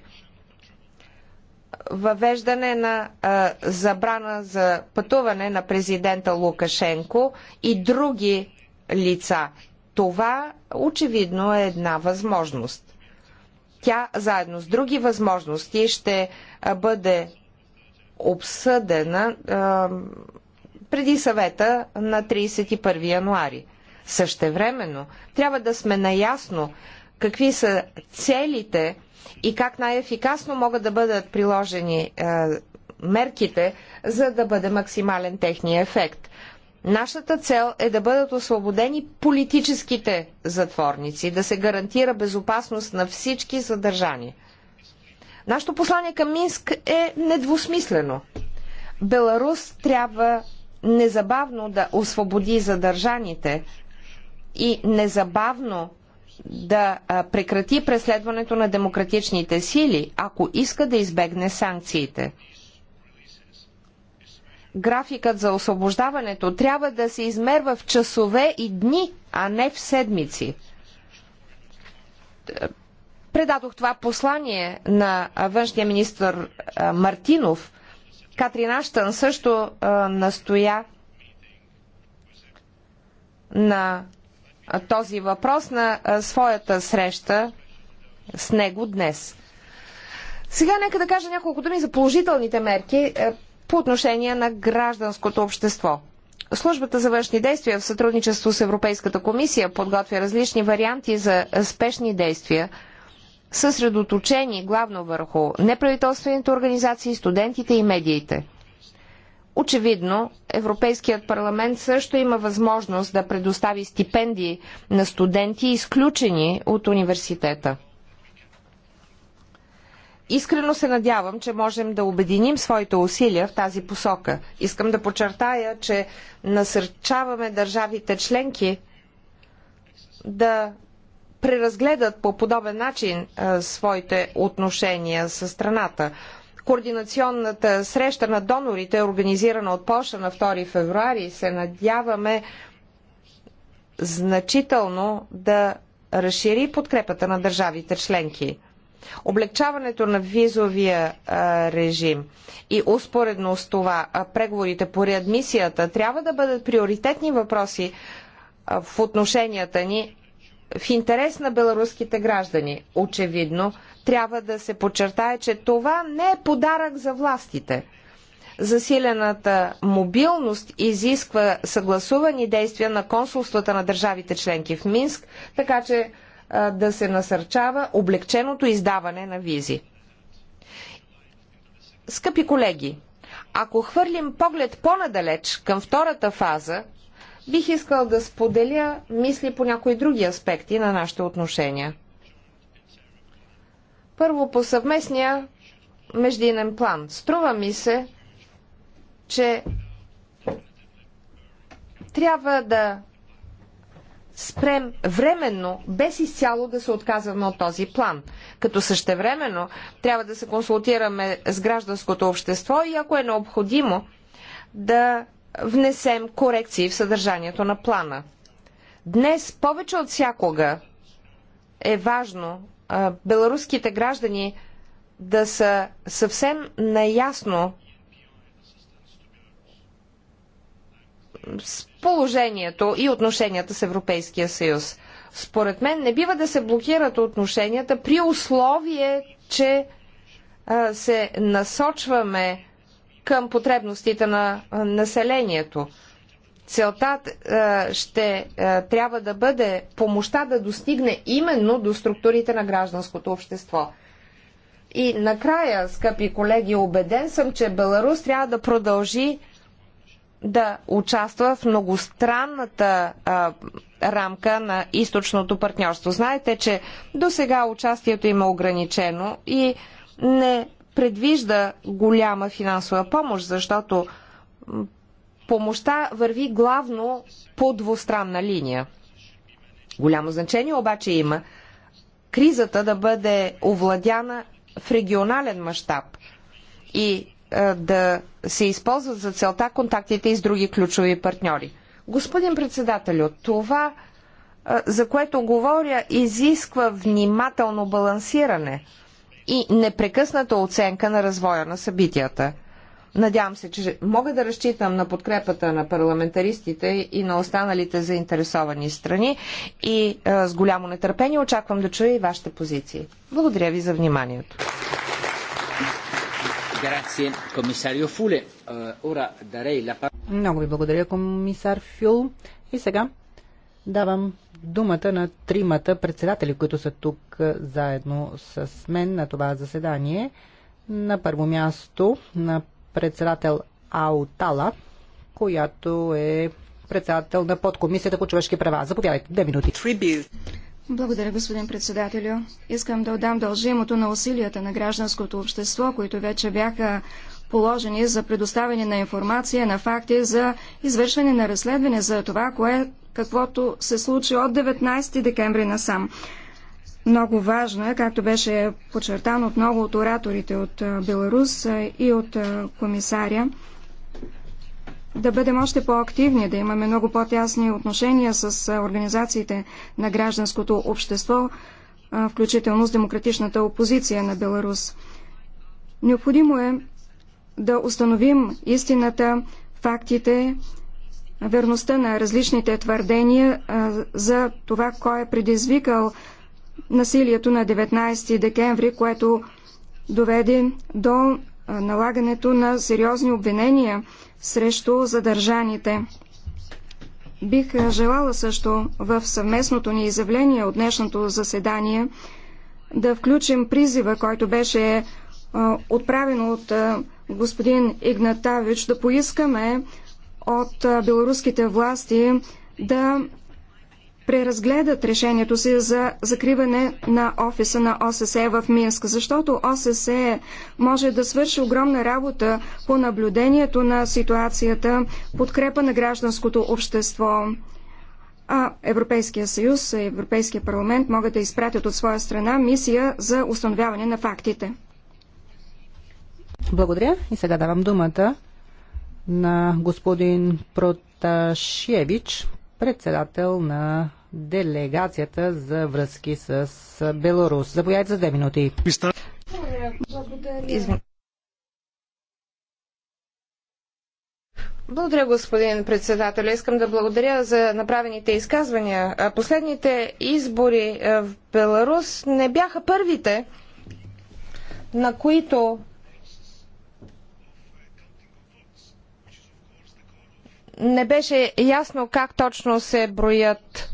Въвеждане на а, е, забрана за пътуване на президента Лукашенко и други лица. Това очевидно е една възможност. Тя заедно с други възможности ще бъде обсъдена е, преди съвета на 31 януари. Същевременно трябва да сме наясно какви са целите и как най-ефикасно могат да бъдат приложени е, мерките, за да бъде максимален техния ефект. Нашата цел е да бъдат освободени политическите затворници, да се гарантира безопасност на всички задържани. Нашето послание към Минск е недвусмислено. Беларус трябва незабавно да освободи задържаните и незабавно да прекрати преследването на демократичните сили, ако иска да избегне санкциите графикът за освобождаването трябва да се измерва в часове и дни, а не в седмици. Предадох това послание на външния министр Мартинов. Катрин Аштън също настоя на този въпрос на своята среща с него днес. Сега нека да кажа няколко думи за положителните мерки, по отношение на гражданското общество. Службата за външни действия в сътрудничество с Европейската комисия подготвя различни варианти за спешни действия, съсредоточени главно върху неправителствените организации, студентите и медиите. Очевидно, Европейският парламент също има възможност да предостави стипендии на студенти, изключени от университета. Искрено се надявам, че можем да обединим своите усилия в тази посока. Искам да подчертая, че насърчаваме държавите членки да преразгледат по подобен начин своите отношения с страната. Координационната среща на донорите, организирана от Польша на 2 февруари, се надяваме значително да разшири подкрепата на държавите членки облегчаването на визовия режим и успоредно с това преговорите по реадмисията трябва да бъдат приоритетни въпроси в отношенията ни в интерес на беларуските граждани. Очевидно, трябва да се подчертае, че това не е подарък за властите. Засилената мобилност изисква съгласувани действия на консулствата на държавите членки в Минск, така че да се насърчава облегченото издаване на визи. Скъпи колеги, ако хвърлим поглед по-надалеч към втората фаза, бих искал да споделя мисли по някои други аспекти на нашите отношения. Първо по съвместния междинен план. Струва ми се, че трябва да спрем временно, без изцяло да се отказваме от този план. Като същевременно трябва да се консултираме с гражданското общество и ако е необходимо да внесем корекции в съдържанието на плана. Днес повече от всякога е важно беларуските граждани да са съвсем наясно с положението и отношенията с Европейския съюз. Според мен не бива да се блокират отношенията при условие, че а, се насочваме към потребностите на населението. Целта а, ще а, трябва да бъде помощта да достигне именно до структурите на гражданското общество. И накрая, скъпи колеги, убеден съм, че Беларус трябва да продължи да участва в многостранната а, рамка на източното партньорство. Знаете, че до сега участието има е ограничено и не предвижда голяма финансова помощ, защото помощта върви главно по двустранна линия. Голямо значение обаче има кризата да бъде овладяна в регионален мащаб и да се използват за целта контактите и с други ключови партньори. Господин председател, това, за което говоря, изисква внимателно балансиране и непрекъсната оценка на развоя на събитията. Надявам се, че мога да разчитам на подкрепата на парламентаристите и на останалите заинтересовани страни и с голямо нетърпение очаквам да чуя и вашите позиции. Благодаря ви за вниманието. Eh, Много ви благодаря, комисар Фюл. И сега давам думата на тримата председатели, които са тук е, заедно с мен на това заседание. На първо място на председател Аутала, която е председател на подкомисията по човешки права. Заповядайте, две минути. Благодаря, господин председателю. Искам да отдам дължимото на усилията на гражданското общество, които вече бяха положени за предоставяне на информация, на факти, за извършване на разследване за това, кое, каквото се случи от 19 декември насам. Много важно е, както беше подчертано от много от ораторите от Беларус и от комисаря, да бъдем още по-активни, да имаме много по-тясни отношения с организациите на гражданското общество, включително с демократичната опозиция на Беларус. Необходимо е да установим истината, фактите, верността на различните твърдения за това, кой е предизвикал насилието на 19 декември, което доведе до налагането на сериозни обвинения срещу задържаните. Бих е, желала също в съвместното ни изявление от днешното заседание да включим призива, който беше е, отправен от е, господин Игнатавич, да поискаме от беларуските власти да преразгледат решението си за закриване на офиса на ОССЕ в Минск, защото ОССЕ може да свърши огромна работа по наблюдението на ситуацията, подкрепа на гражданското общество. А Европейския съюз, Европейския парламент могат да изпратят от своя страна мисия за установяване на фактите. Благодаря и сега давам думата на господин Проташевич, председател на делегацията за връзки с Беларус. Заповядайте за 2 минути. Благодаря. Благодаря, господин председател. Искам да благодаря за направените изказвания. Последните избори в Беларус не бяха първите, на които не беше ясно как точно се броят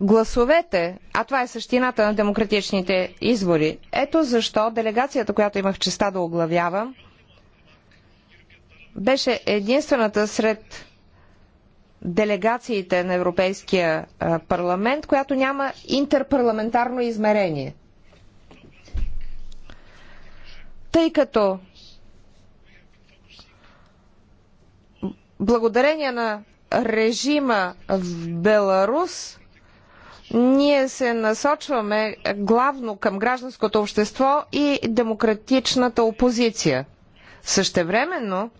гласовете, а това е същината на демократичните избори. Ето защо делегацията, която имах честа да оглавявам, беше единствената сред делегациите на Европейския парламент, която няма интерпарламентарно измерение. Тъй като благодарение на режима в Беларус, ние се насочваме главно към гражданското общество и демократичната опозиция. Същевременно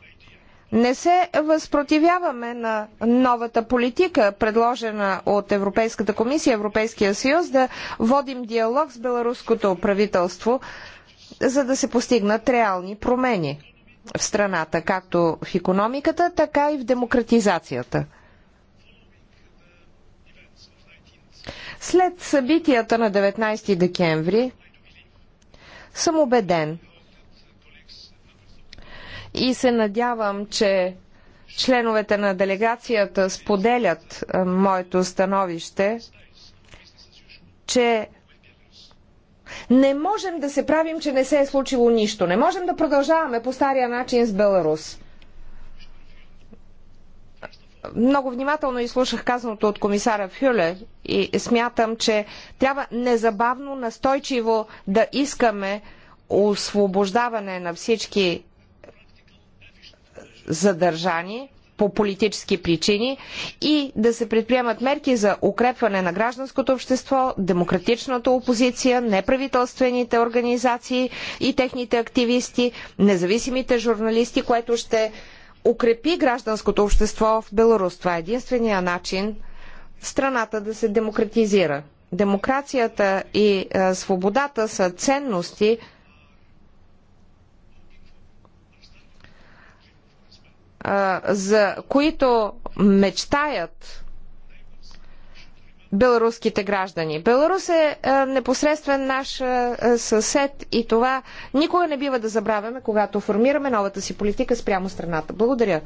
не се възпротивяваме на новата политика, предложена от Европейската комисия, Европейския съюз, да водим диалог с беларуското правителство, за да се постигнат реални промени в страната, както в економиката, така и в демократизацията. След събитията на 19 декември съм убеден и се надявам, че членовете на делегацията споделят моето становище, че не можем да се правим, че не се е случило нищо. Не можем да продължаваме по стария начин с Беларус. Много внимателно изслушах казаното от комисара Фюле и смятам, че трябва незабавно, настойчиво да искаме освобождаване на всички задържани по политически причини и да се предприемат мерки за укрепване на гражданското общество, демократичната опозиция, неправителствените организации и техните активисти, независимите журналисти, което ще укрепи гражданското общество в Беларус. Това е единствения начин страната да се демократизира. Демокрацията и е, свободата са ценности, за които мечтаят белоруските граждани. Беларус е непосредствен наш съсед и това никога не бива да забравяме, когато формираме новата си политика спрямо страната. Благодаря.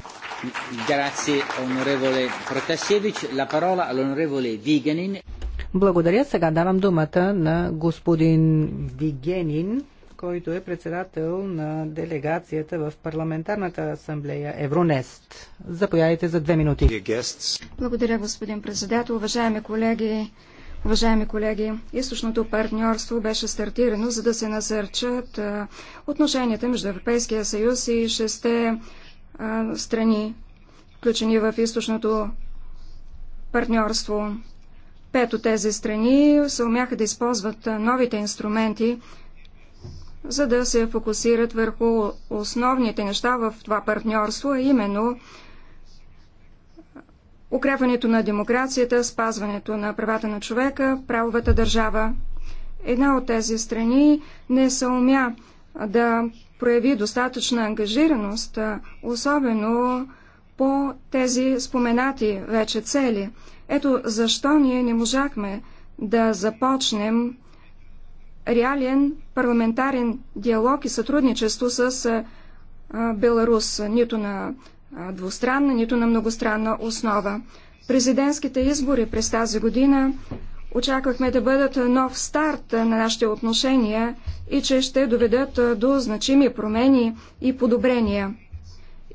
Благодаря. Сега давам думата на господин Вигенин който е председател на делегацията в Парламентарната асамблея Евронест. Заповядайте за две минути. Благодаря, господин председател. Уважаеми колеги, Уважаеми колеги, източното партньорство беше стартирано, за да се насърчат отношенията между Европейския съюз и шесте страни, включени в източното партньорство. Пет от тези страни се умяха да използват новите инструменти, за да се фокусират върху основните неща в това партньорство, а именно укрепването на демокрацията, спазването на правата на човека, правовата държава. Една от тези страни не съумя да прояви достатъчна ангажираност, особено по тези споменати вече цели. Ето защо ние не можахме да започнем реален парламентарен диалог и сътрудничество с Беларус, нито на двустранна, нито на многостранна основа. Президентските избори през тази година очаквахме да бъдат нов старт на нашите отношения и че ще доведат до значими промени и подобрения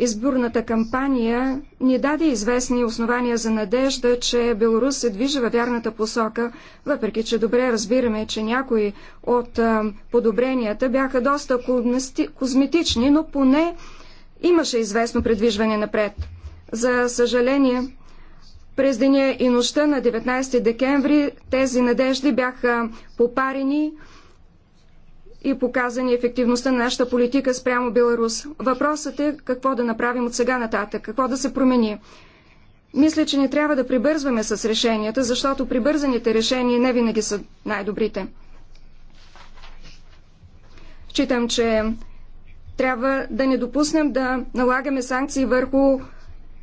изборната кампания ни даде известни основания за надежда, че Беларус се движи във вярната посока, въпреки че добре разбираме, че някои от подобренията бяха доста козметични, но поне имаше известно предвижване напред. За съжаление, през деня и нощта на 19 декември тези надежди бяха попарени и показани ефективността на нашата политика спрямо Беларус. Въпросът е какво да направим от сега нататък, какво да се промени. Мисля, че не трябва да прибързваме с решенията, защото прибързаните решения не винаги са най-добрите. Считам, че трябва да не допуснем да налагаме санкции върху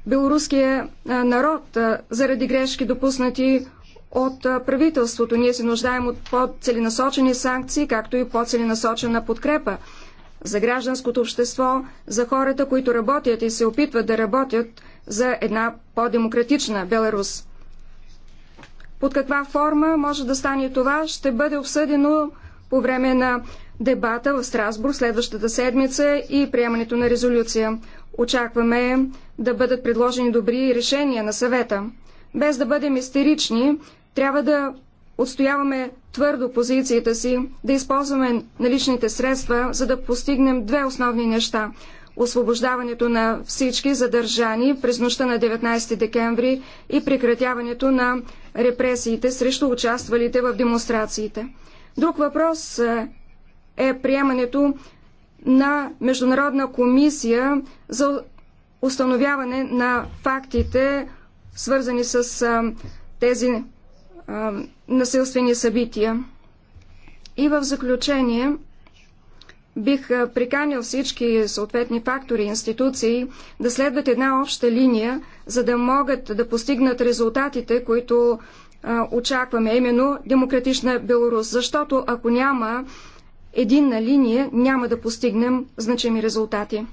белоруския народ заради грешки допуснати от правителството. Ние се нуждаем от по-целенасочени санкции, както и по-целенасочена подкрепа за гражданското общество, за хората, които работят и се опитват да работят за една по-демократична Беларус. Под каква форма може да стане това, ще бъде обсъдено по време на дебата в Страсбург следващата седмица и приемането на резолюция. Очакваме да бъдат предложени добри решения на съвета. Без да бъдем истерични, трябва да отстояваме твърдо позицията си, да използваме наличните средства, за да постигнем две основни неща. Освобождаването на всички задържани през нощта на 19 декември и прекратяването на репресиите срещу участвалите в демонстрациите. Друг въпрос е, е приемането на Международна комисия за установяване на фактите, свързани с е, тези а, насилствени събития. И в заключение бих приканил всички съответни фактори и институции да следват една обща линия, за да могат да постигнат резултатите, които а, очакваме, именно демократична Беларус. Защото ако няма единна линия, няма да постигнем значими резултати.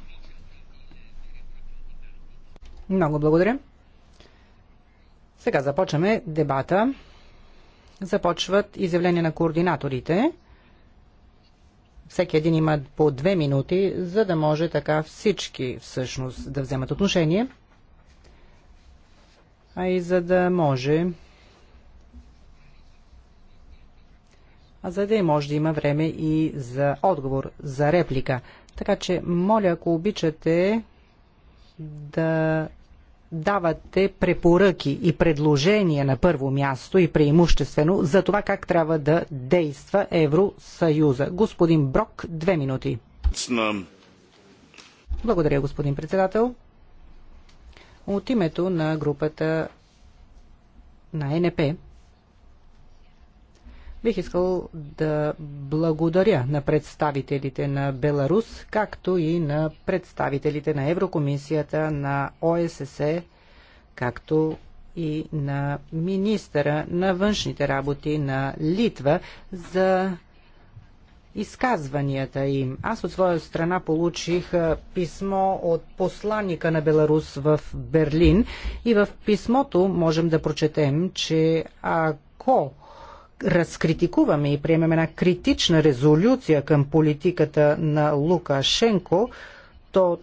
Много благодаря. Сега започваме дебата започват изявления на координаторите. Всеки един има по две минути, за да може така всички всъщност да вземат отношение, а и за да може а за да може да има време и за отговор, за реплика. Така че, моля, ако обичате да давате препоръки и предложения на първо място и преимуществено за това как трябва да действа Евросъюза. Господин Брок, две минути. Благодаря, господин председател. От името на групата на е НП Бих искал да благодаря на представителите на Беларус, както и на представителите на Еврокомисията, на ОССЕ, както и на министъра на външните работи на Литва за изказванията им. Аз от своя страна получих писмо от посланника на Беларус в Берлин и в писмото можем да прочетем, че ако разкритикуваме и приемем една критична резолюция към политиката на Лукашенко, то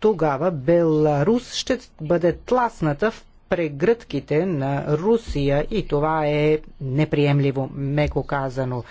тогава Беларус ще бъде тласната в прегръдките на Русия и това е неприемливо, меко казано.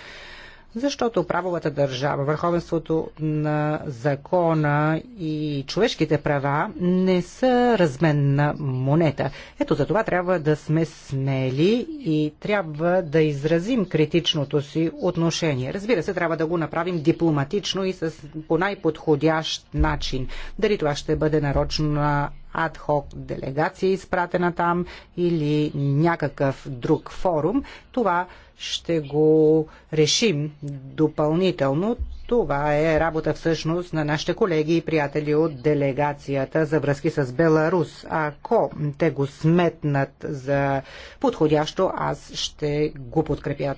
Защото правовата държава, върховенството на закона и човешките права не са разменна монета. Ето за това трябва да сме смели и трябва да изразим критичното си отношение. Разбира се, трябва да го направим дипломатично и с, по най-подходящ начин. Дали това ще бъде нарочна адхок делегация изпратена там или някакъв друг форум, това ще го решим допълнително. Това е работа всъщност на нашите колеги и приятели от делегацията за връзки с Беларус. Ако те го сметнат за подходящо, аз ще го подкрепя.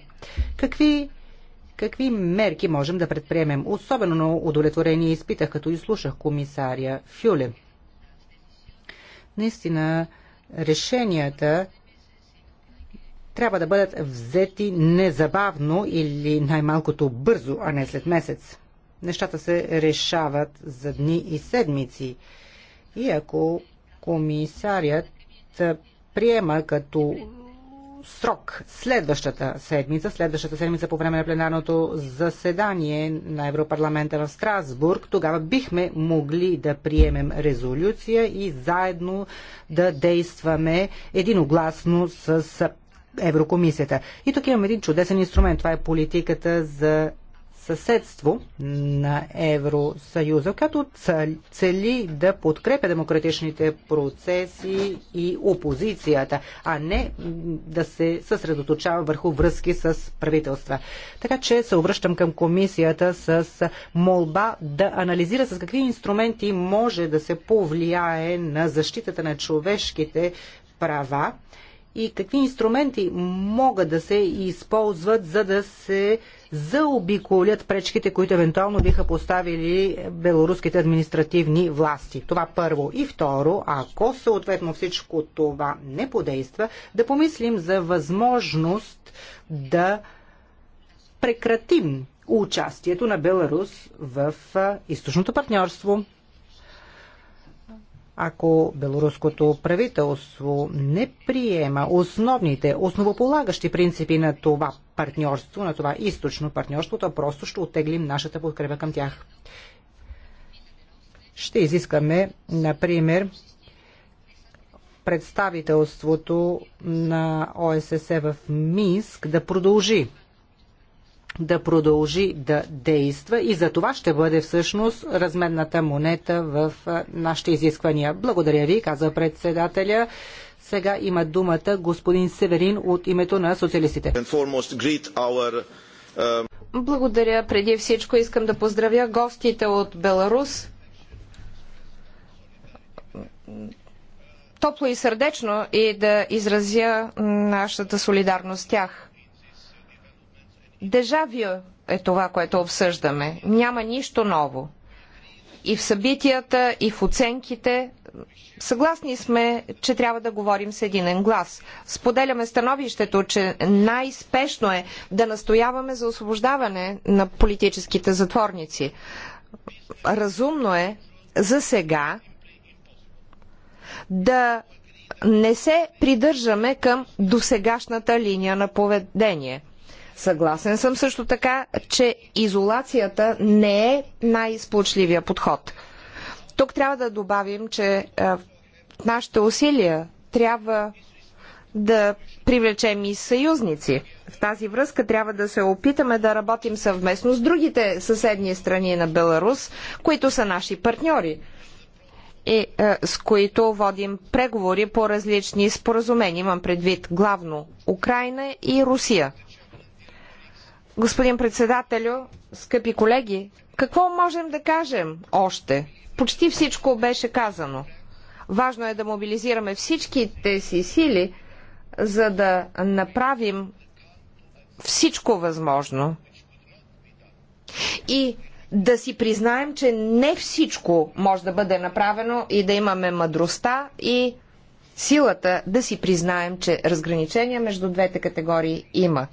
Какви какви мерки можем да предприемем? Особено удовлетворение изпитах, като изслушах комисаря Фюле. Наистина, решенията трябва да бъдат взети незабавно или най-малкото бързо, а не след месец. Нещата се решават за дни и седмици. И ако комисарият приема като срок следващата седмица, следващата седмица по време на пленарното заседание на Европарламента в Страсбург, тогава бихме могли да приемем резолюция и заедно да действаме единогласно с Еврокомисията. И тук имаме един чудесен инструмент. Това е политиката за съседство на Евросъюза, като цели да подкрепя демократичните процеси и опозицията, а не да се съсредоточава върху връзки с правителства. Така че се обръщам към комисията с молба да анализира с какви инструменти може да се повлияе на защитата на човешките права и какви инструменти могат да се използват, за да се заобиколят пречките, които евентуално биха поставили белоруските административни власти. Това първо. И второ, ако съответно всичко това не подейства, да помислим за възможност да прекратим участието на Беларус в източното партньорство ако белоруското правителство не приема основните, основополагащи принципи на това партньорство, на това източно партньорство, то просто ще оттеглим нашата подкрепа към тях. Ще изискаме, например, представителството на ОССЕ в Минск да продължи да продължи да действа и за това ще бъде всъщност разменната монета в нашите изисквания. Благодаря ви, каза председателя. Сега има думата господин Северин от името на социалистите. Uh, Благодаря. Преди всичко искам да поздравя гостите от Беларус. Топло и сърдечно и да изразя нашата солидарност с тях. Дежавио е това, което обсъждаме. Няма нищо ново. И в събитията, и в оценките съгласни сме, че трябва да говорим с единен глас. Споделяме становището, че най-спешно е да настояваме за освобождаване на политическите затворници. Разумно е за сега да не се придържаме към досегашната линия на поведение – Съгласен съм също така, че изолацията не е най-сполучливия подход. Тук трябва да добавим, че е, нашите усилия трябва да привлечем и съюзници. В тази връзка трябва да се опитаме да работим съвместно с другите съседни страни на Беларус, които са наши партньори и е, с които водим преговори по различни споразумения. Имам предвид главно Украина и Русия. Господин председателю, скъпи колеги, какво можем да кажем още? Почти всичко беше казано. Важно е да мобилизираме всичките си сили, за да направим всичко възможно. И да си признаем, че не всичко може да бъде направено и да имаме мъдростта и силата да си признаем, че разграничения между двете категории има.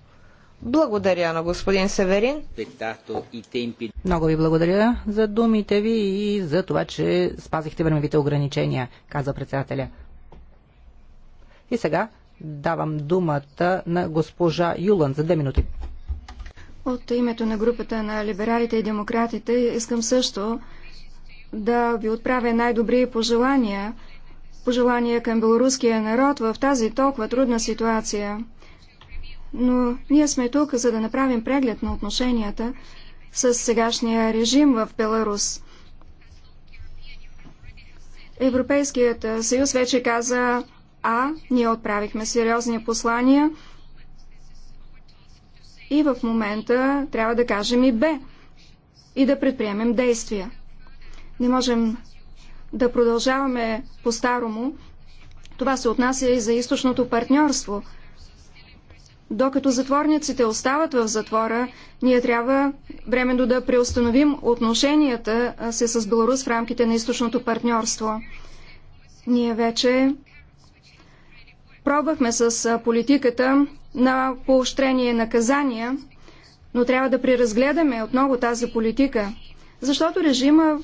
Благодаря на господин Северин. Много ви благодаря за думите ви и за това, че спазихте времевите ограничения, каза председателя. И сега давам думата на госпожа Юлан за две минути. От името на групата на либералите и демократите искам също да ви отправя най-добри пожелания, пожелания към белоруския народ в тази толкова трудна ситуация но ние сме тук, за да направим преглед на отношенията с сегашния режим в Беларус. Европейският съюз вече каза А, ние отправихме сериозни послания и в момента трябва да кажем и Б и да предприемем действия. Не можем да продължаваме по-старому. Това се отнася и за източното партньорство – докато затворниците остават в затвора, ние трябва временно да преустановим отношенията си с Беларус в рамките на източното партньорство. Ние вече пробвахме с политиката на поощрение наказания, но трябва да преразгледаме отново тази политика, защото режима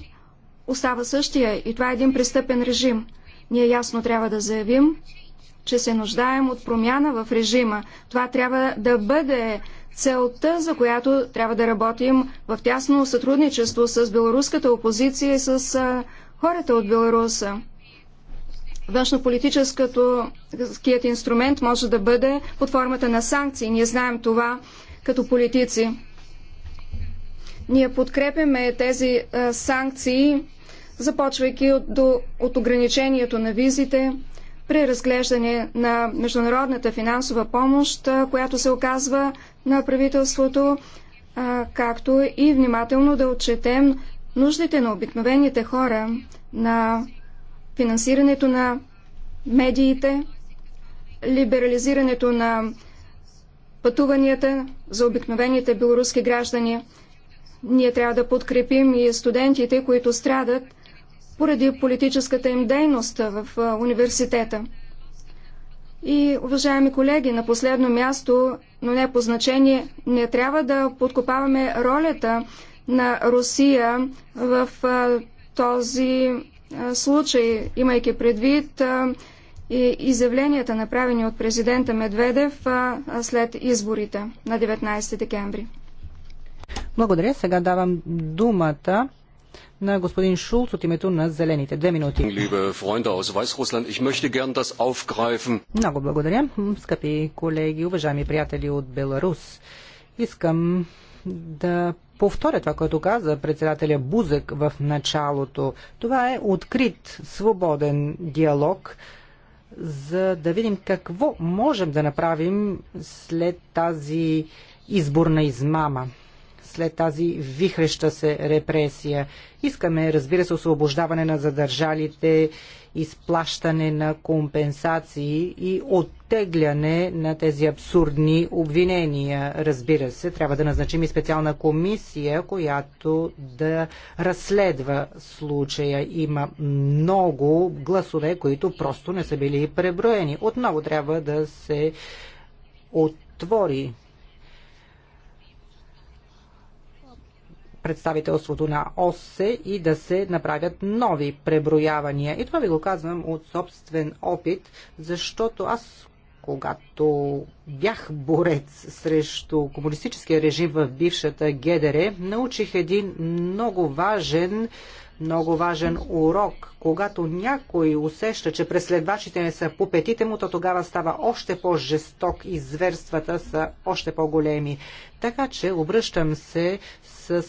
остава същия и това е един престъпен режим. Ние ясно трябва да заявим, че се нуждаем от промяна в режима. Това трябва да бъде целта, за която трябва да работим в тясно сътрудничество с беларуската опозиция и с хората от Беларуса. Външнополитическият инструмент може да бъде под формата на санкции. Ние знаем това като политици. Ние подкрепяме тези а, санкции, започвайки от, до, от ограничението на визите, преразглеждане на международната финансова помощ, която се оказва на правителството, както и внимателно да отчетем нуждите на обикновените хора, на финансирането на медиите, либерализирането на пътуванията за обикновените белоруски граждани. Ние трябва да подкрепим и студентите, които страдат – поради политическата им дейност в университета. И, уважаеми колеги, на последно място, но не по значение, не трябва да подкопаваме ролята на Русия в този случай, имайки предвид и изявленията, направени от президента Медведев след изборите на 19 декември. Благодаря. Сега давам думата на господин Шулц от името на Зелените. Две минути. Много благодаря, скъпи колеги, уважаеми приятели от Беларус. Искам да повторя това, което каза председателя Бузък в началото. Това е открит, свободен диалог, за да видим какво можем да направим след тази изборна измама след тази вихреща се репресия. Искаме, разбира се, освобождаване на задържалите, изплащане на компенсации и оттегляне на тези абсурдни обвинения. Разбира се, трябва да назначим и специална комисия, която да разследва случая. Има много гласове, които просто не са били преброени. Отново трябва да се отвори представителството на ОССЕ и да се направят нови преброявания. И това ви го казвам от собствен опит, защото аз когато бях борец срещу комунистическия режим в бившата ГДР, научих един много важен много важен урок. Когато някой усеща, че преследвачите не са по петите му, то тогава става още по-жесток и зверствата са още по-големи. Така че обръщам се с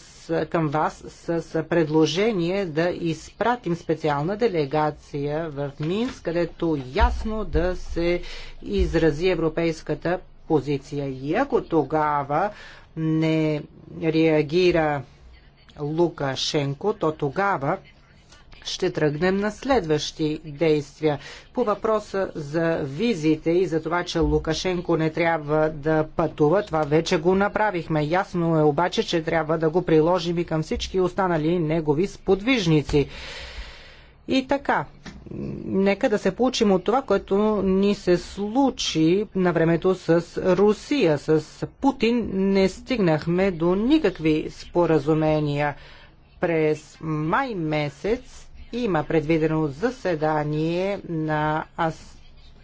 към вас с предложение да изпратим специална делегация в Минск, където ясно да се изрази европейската позиция. И ако тогава не реагира Лукашенко, то тогава ще тръгнем на следващи действия. По въпроса за визите и за това, че Лукашенко не трябва да пътува, това вече го направихме. Ясно е обаче, че трябва да го приложим и към всички останали негови сподвижници. И така, нека да се получим от това, което ни се случи на времето с Русия. С Путин не стигнахме до никакви споразумения. През май месец има предвидено заседание на АС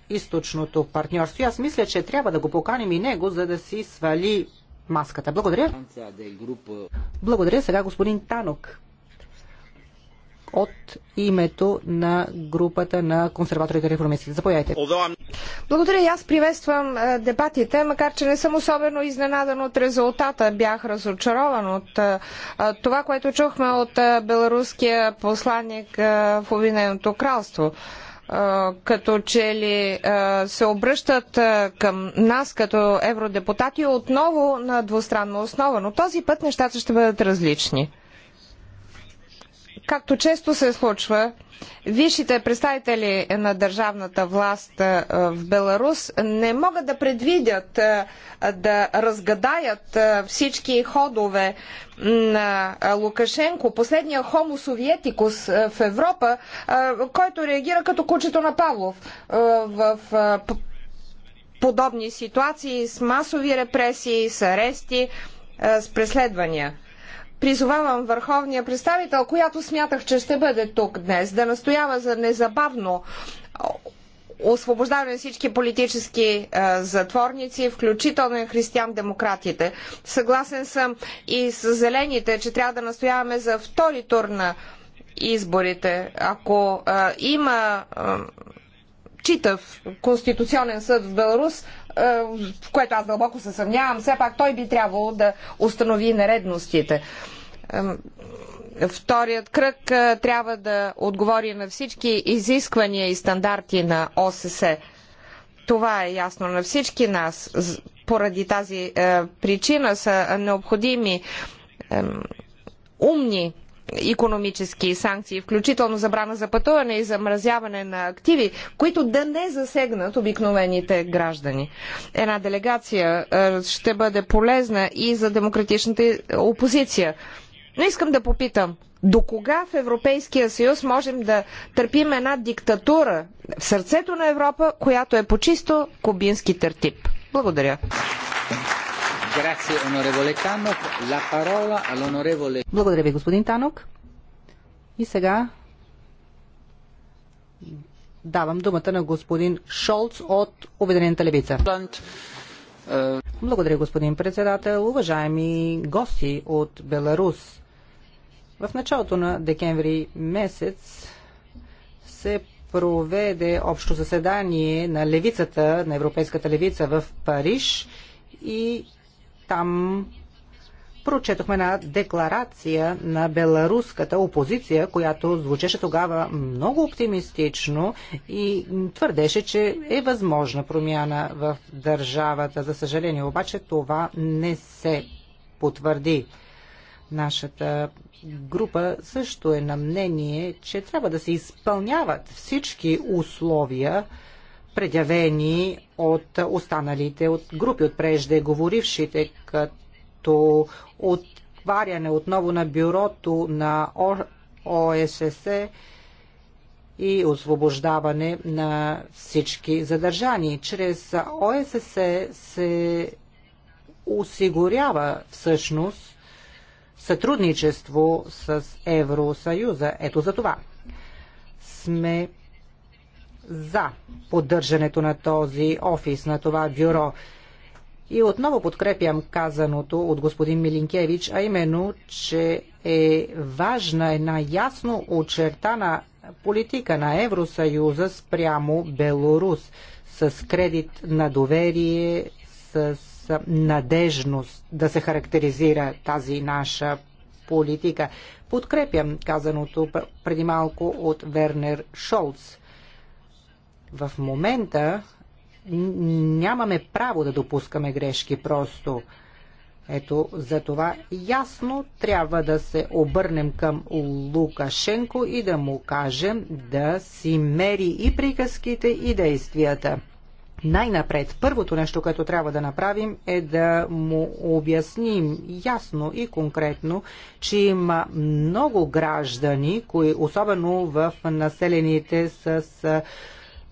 източното партньорство. И аз мисля, че трябва да го поканим и него, за да си свали маската. Благодаря. Благодаря сега господин Танок от името на групата на консерваторите реформисти. реформистите. Заповядайте. Благодаря и аз приветствам е, дебатите, макар че не съм особено изненадан от резултата. Бях разочарован от е, е, това, което чухме от беларуския посланник в Обединеното кралство като че ли се обръщат към нас като евродепутати отново на двустранна основа. Но този път нещата ще бъдат различни. Както често се случва, висшите представители на държавната власт е, в Беларус не могат да предвидят, е, да разгадаят е, всички ходове на Лукашенко, последния хомо советикус в Европа, който реагира като кучето на Павлов в подобни ситуации с масови репресии, с арести, с преследвания призовавам върховния представител, която смятах, че ще бъде тук днес, да настоява за незабавно освобождаване на всички политически е, затворници, включително и християн-демократите. Съгласен съм и с зелените, че трябва да настояваме за втори тур на изборите. Ако е, има е, читав конституционен съд в Беларус, е, в което аз дълбоко се съмнявам, все пак той би трябвало да установи нередностите. Е, вторият кръг е, трябва да отговори на всички изисквания и стандарти на ОССЕ. Това е ясно на всички нас. Поради тази причина са необходими умни економически санкции, включително забрана за пътуване и замразяване на активи, които да не засегнат обикновените граждани. Една делегация е, ще бъде полезна и за демократичната опозиция. Но искам да попитам, до кога в Европейския съюз можем да търпим една диктатура в сърцето на Европа, която е по чисто кубински тертип? Благодаря. Благодаря ви, господин Танок. И сега давам думата на господин Шолц от Обединената левица. Благодаря, господин председател. Уважаеми гости от Беларус, в началото на декември месец се проведе общо заседание на левицата, на европейската левица в Париж и там прочетохме една декларация на беларуската опозиция, която звучеше тогава много оптимистично и твърдеше, че е възможна промяна в държавата. За съжаление, обаче това не се потвърди. Нашата група също е на мнение, че трябва да се изпълняват всички условия, предявени от останалите от групи от преждеговорившите, като отваряне отново на бюрото на ОССЕ и освобождаване на всички задържани. Чрез ОССЕ се осигурява всъщност сътрудничество с Евросъюза. Ето за това сме за поддържането на този офис, на това бюро. И отново подкрепям казаното от господин Милинкевич, а именно, че е важна една ясно очертана политика на Евросъюза спрямо Белорус с кредит на доверие, с надежност да се характеризира тази наша политика. Подкрепям казаното преди малко от Вернер Шолц. В момента нямаме право да допускаме грешки просто. Ето за това ясно трябва да се обърнем към Лукашенко и да му кажем да си мери и приказките и действията. Най-напред, първото нещо, което трябва да направим е да му обясним ясно и конкретно, че има много граждани, кои, особено в населените с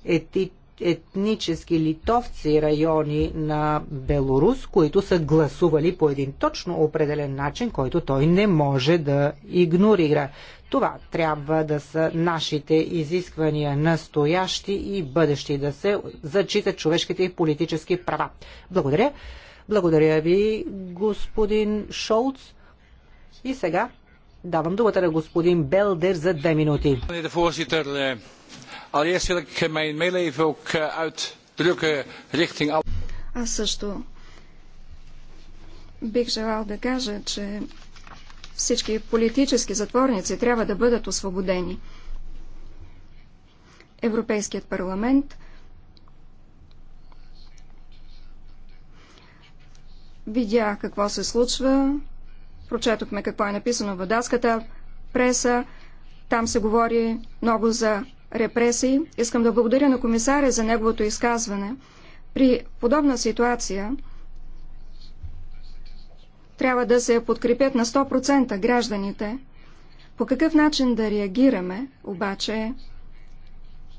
ети, етнически литовци райони на Белорус, които са гласували по един точно определен начин, който той не може да игнорира. Това трябва да са нашите изисквания, настоящи и бъдещи, да се зачитат човешките и политически права. Благодаря. Благодаря ви, господин Шолц. И сега давам думата на господин Белдер за две минути. Allereerst wil ik mijn meeleven ook eh, uitdrukken richting alle... Аз също бих желал да кажа, че всички политически затворници трябва да бъдат освободени. Европейският парламент видя какво се случва, прочетохме какво е написано в датската преса, там се говори много за репресии. Искам да благодаря на комисаря за неговото изказване. При подобна ситуация трябва да се подкрепят на 100% гражданите. По какъв начин да реагираме, обаче,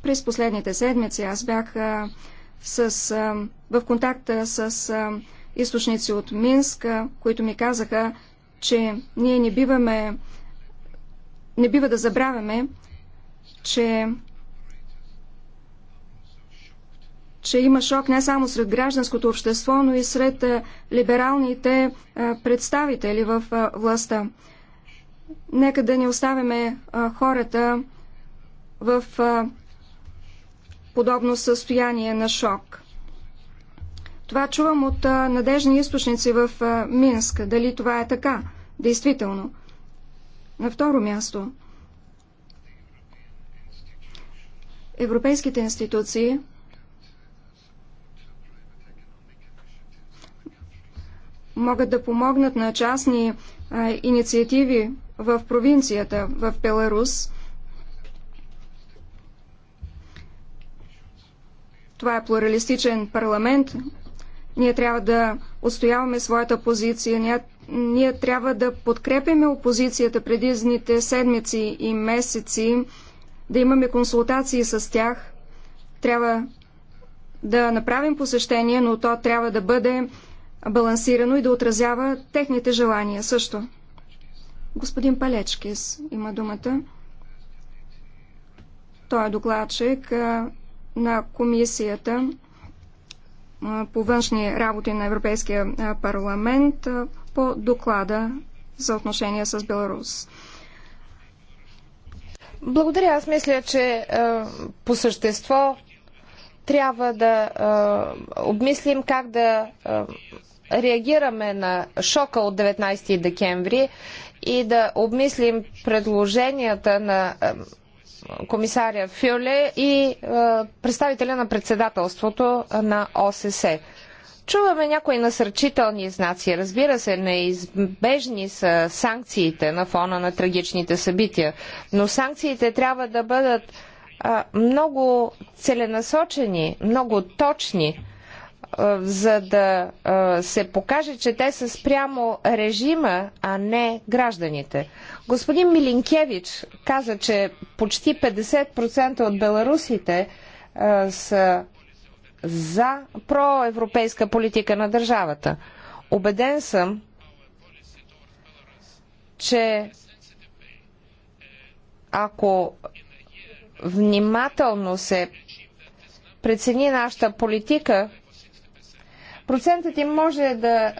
през последните седмици аз бях а, с, а, в контакта с а, източници от Минск, а, които ми казаха, че ние не биваме, не бива да забравяме, че, че има шок не само сред гражданското общество, но и сред либералните представители в властта. Нека да не оставяме хората в подобно състояние на шок. Това чувам от надежни източници в Минск. Дали това е така? Действително. На второ място. Европейските институции могат да помогнат на частни а, инициативи в провинцията, в Беларус. Това е плуралистичен парламент. Ние трябва да отстояваме своята позиция. Ние, ние трябва да подкрепяме опозицията предизните седмици и месеци да имаме консултации с тях. Трябва да направим посещение, но то трябва да бъде балансирано и да отразява техните желания също. Господин Палечкис има думата. Той е докладчик на комисията по външни работи на Европейския парламент по доклада за отношения с Беларус. Благодаря. Аз мисля, че е, по същество трябва да е, обмислим как да е, реагираме на шока от 19 декември и да обмислим предложенията на е, комисаря Фюле и е, представителя на председателството на ОССЕ. Чуваме някои насърчителни знаци. Разбира се, неизбежни са санкциите на фона на трагичните събития, но санкциите трябва да бъдат а, много целенасочени, много точни, а, за да а, се покаже, че те са спрямо режима, а не гражданите. Господин Милинкевич каза, че почти 50% от беларусите а, са за проевропейска политика на държавата. Обеден съм, че ако внимателно се прецени нашата политика, процентът им може да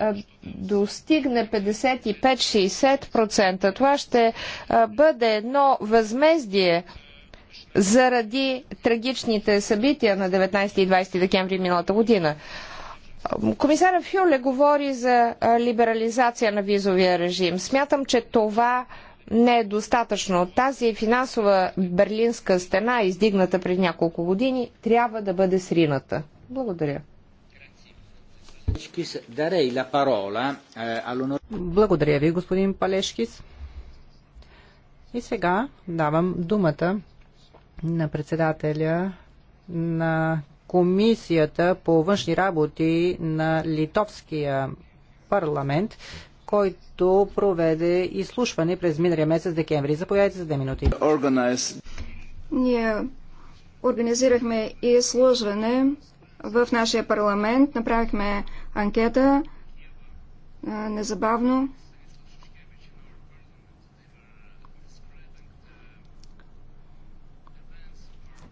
достигне 55-60%. Това ще бъде едно възмездие – заради трагичните събития на 19 и 20 декември миналата година. Комисара Фюле говори за либерализация на визовия режим. Смятам, че това не е достатъчно. Тази финансова берлинска стена, издигната пред няколко години, трябва да бъде срината. Благодаря. Е, Благодаря ви, господин Палешкис. И сега давам думата на председателя на Комисията по външни работи на Литовския парламент, който проведе изслушване през миналия месец декември. Заповядайте за две минути. Ние организирахме изслужване в нашия парламент, направихме анкета незабавно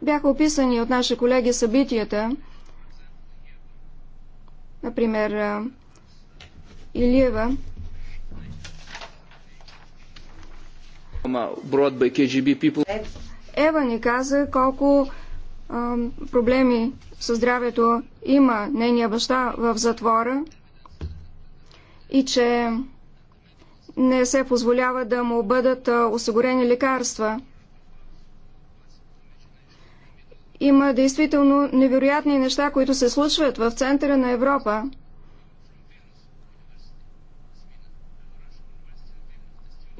Бяха описани от наши колеги събитията, например Илиева. Ева ни каза колко а, проблеми със здравето има нейния баща в затвора и че не се позволява да му бъдат осигурени лекарства. Има действително невероятни неща, които се случват в центъра на Европа.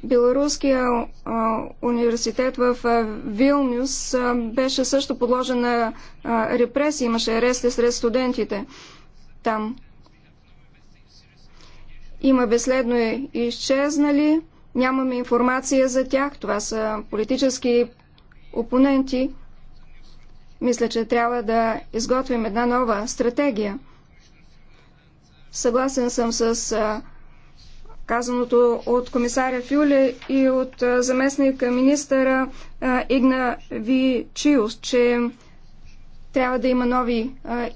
Беларуския университет в Вилнюс беше също подложен на репресии, имаше арести сред студентите там. Има безследно е изчезнали, нямаме информация за тях, това са политически опоненти. Мисля, че трябва да изготвим една нова стратегия. Съгласен съм с казаното от комисаря Фюле и от заместника министъра Игна Вичиус, че трябва да има нови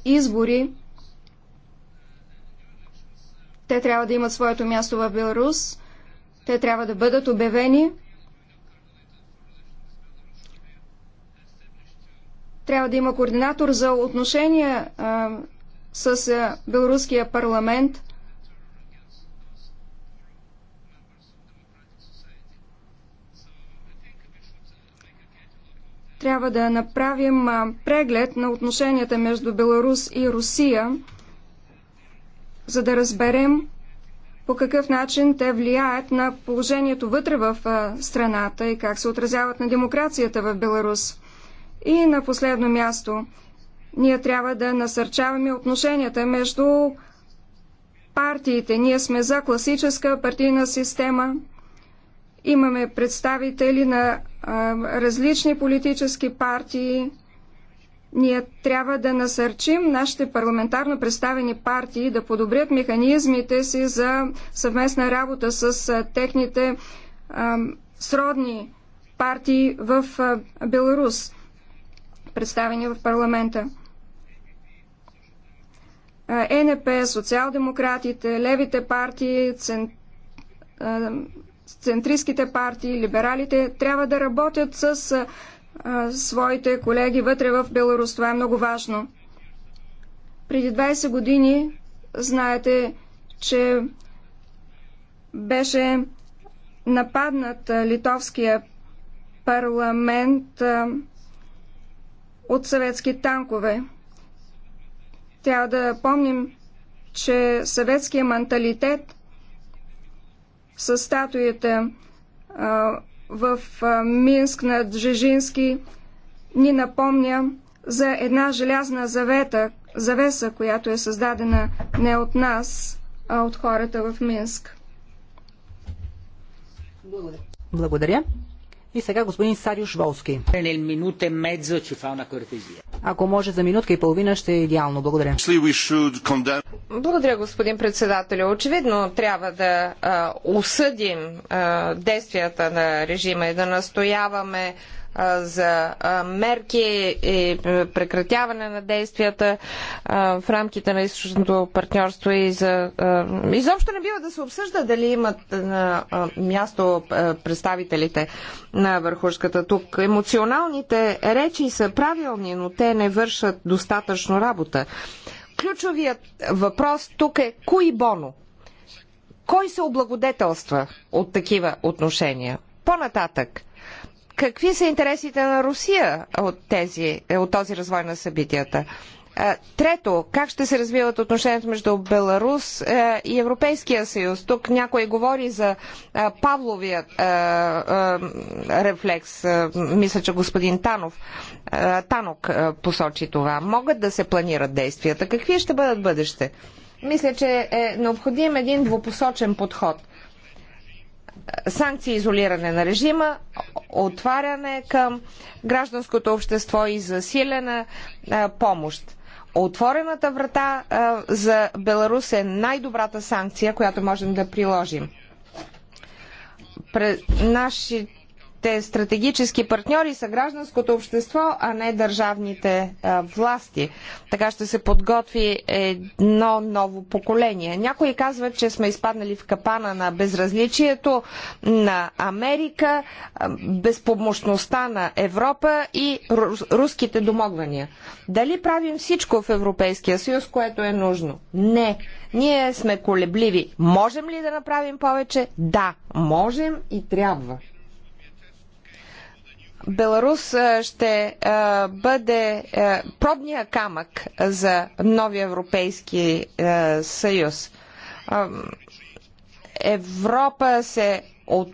избори. Те трябва да имат своето място в Беларус. Те трябва да бъдат обявени Трябва да има координатор за отношения а, с а, Белоруския парламент. Трябва да направим а, преглед на отношенията между Беларус и Русия, за да разберем по какъв начин те влияят на положението вътре в страната и как се отразяват на демокрацията в Беларус. И на последно място, ние трябва да насърчаваме отношенията между партиите. Ние сме за класическа партийна система. Имаме представители на а, различни политически партии. Ние трябва да насърчим нашите парламентарно представени партии да подобрят механизмите си за съвместна работа с а, техните а, сродни партии в а, Беларус представени в парламента. ЕНП, социал-демократите, левите партии, цен... центристските партии, либералите трябва да работят с своите колеги вътре в Беларус. Това е много важно. Преди 20 години знаете, че беше нападнат литовския парламент от съветски танкове. Трябва да помним, че съветския менталитет с статуите в Минск на Джежински ни напомня за една желязна завета, завеса, която е създадена не от нас, а от хората в Минск. Благодаря. Благодаря. И сега господин Сариуш Волски. Ако може за минутка и половина ще е идеално. Благодаря. Благодаря, господин председател. Очевидно трябва да а, осъдим а, действията на режима и да настояваме за мерки и е, прекратяване на действията в рамките на източното партньорство и за... Изобщо не бива да се обсъжда дали имат на място представителите на върхушката тук. Емоционалните речи са правилни, но те не вършат достатъчно работа. Ключовият въпрос тук е кои боно? Кой се облагодетелства от такива отношения? По-нататък – Какви са интересите на Русия от, тези, е, от този развой на събитията? Трето, как ще се развиват отношенията между Беларус е, и Европейския съюз? Тук някой говори за Павловия рефлекс. Мисля, че господин Танов, Танок посочи това. Могат да се планират действията. Какви ще бъдат бъдеще? Мисля, че е необходим един двупосочен подход – санкции, изолиране на режима, отваряне към гражданското общество и засилена помощ. Отворената врата за Беларус е най-добрата санкция, която можем да приложим. Нашите нашите стратегически партньори са гражданското общество, а не държавните власти. Така ще се подготви едно ново поколение. Някои казват, че сме изпаднали в капана на безразличието на Америка, безпомощността на Европа и руските домогвания. Дали правим всичко в Европейския съюз, което е нужно? Не. Ние сме колебливи. Можем ли да направим повече? Да, можем и трябва. Беларус ще бъде пробния камък за новия Европейски съюз. Европа се от...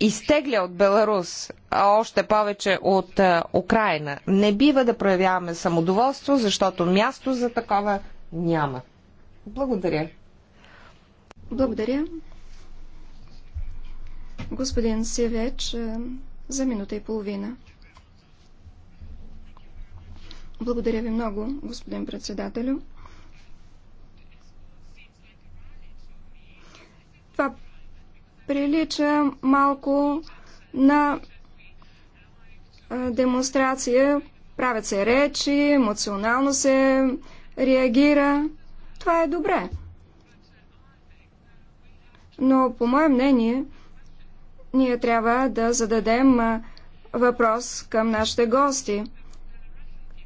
изтегля от Беларус, а още повече от Украина. Не бива да проявяваме самодоволство, защото място за такова няма. Благодаря. Благодаря. Господин Севеч, за минута и половина. Благодаря ви много, господин председателю. Това прилича малко на демонстрация. Правят се речи, емоционално се реагира. Това е добре. Но, по мое мнение, ние трябва да зададем въпрос към нашите гости.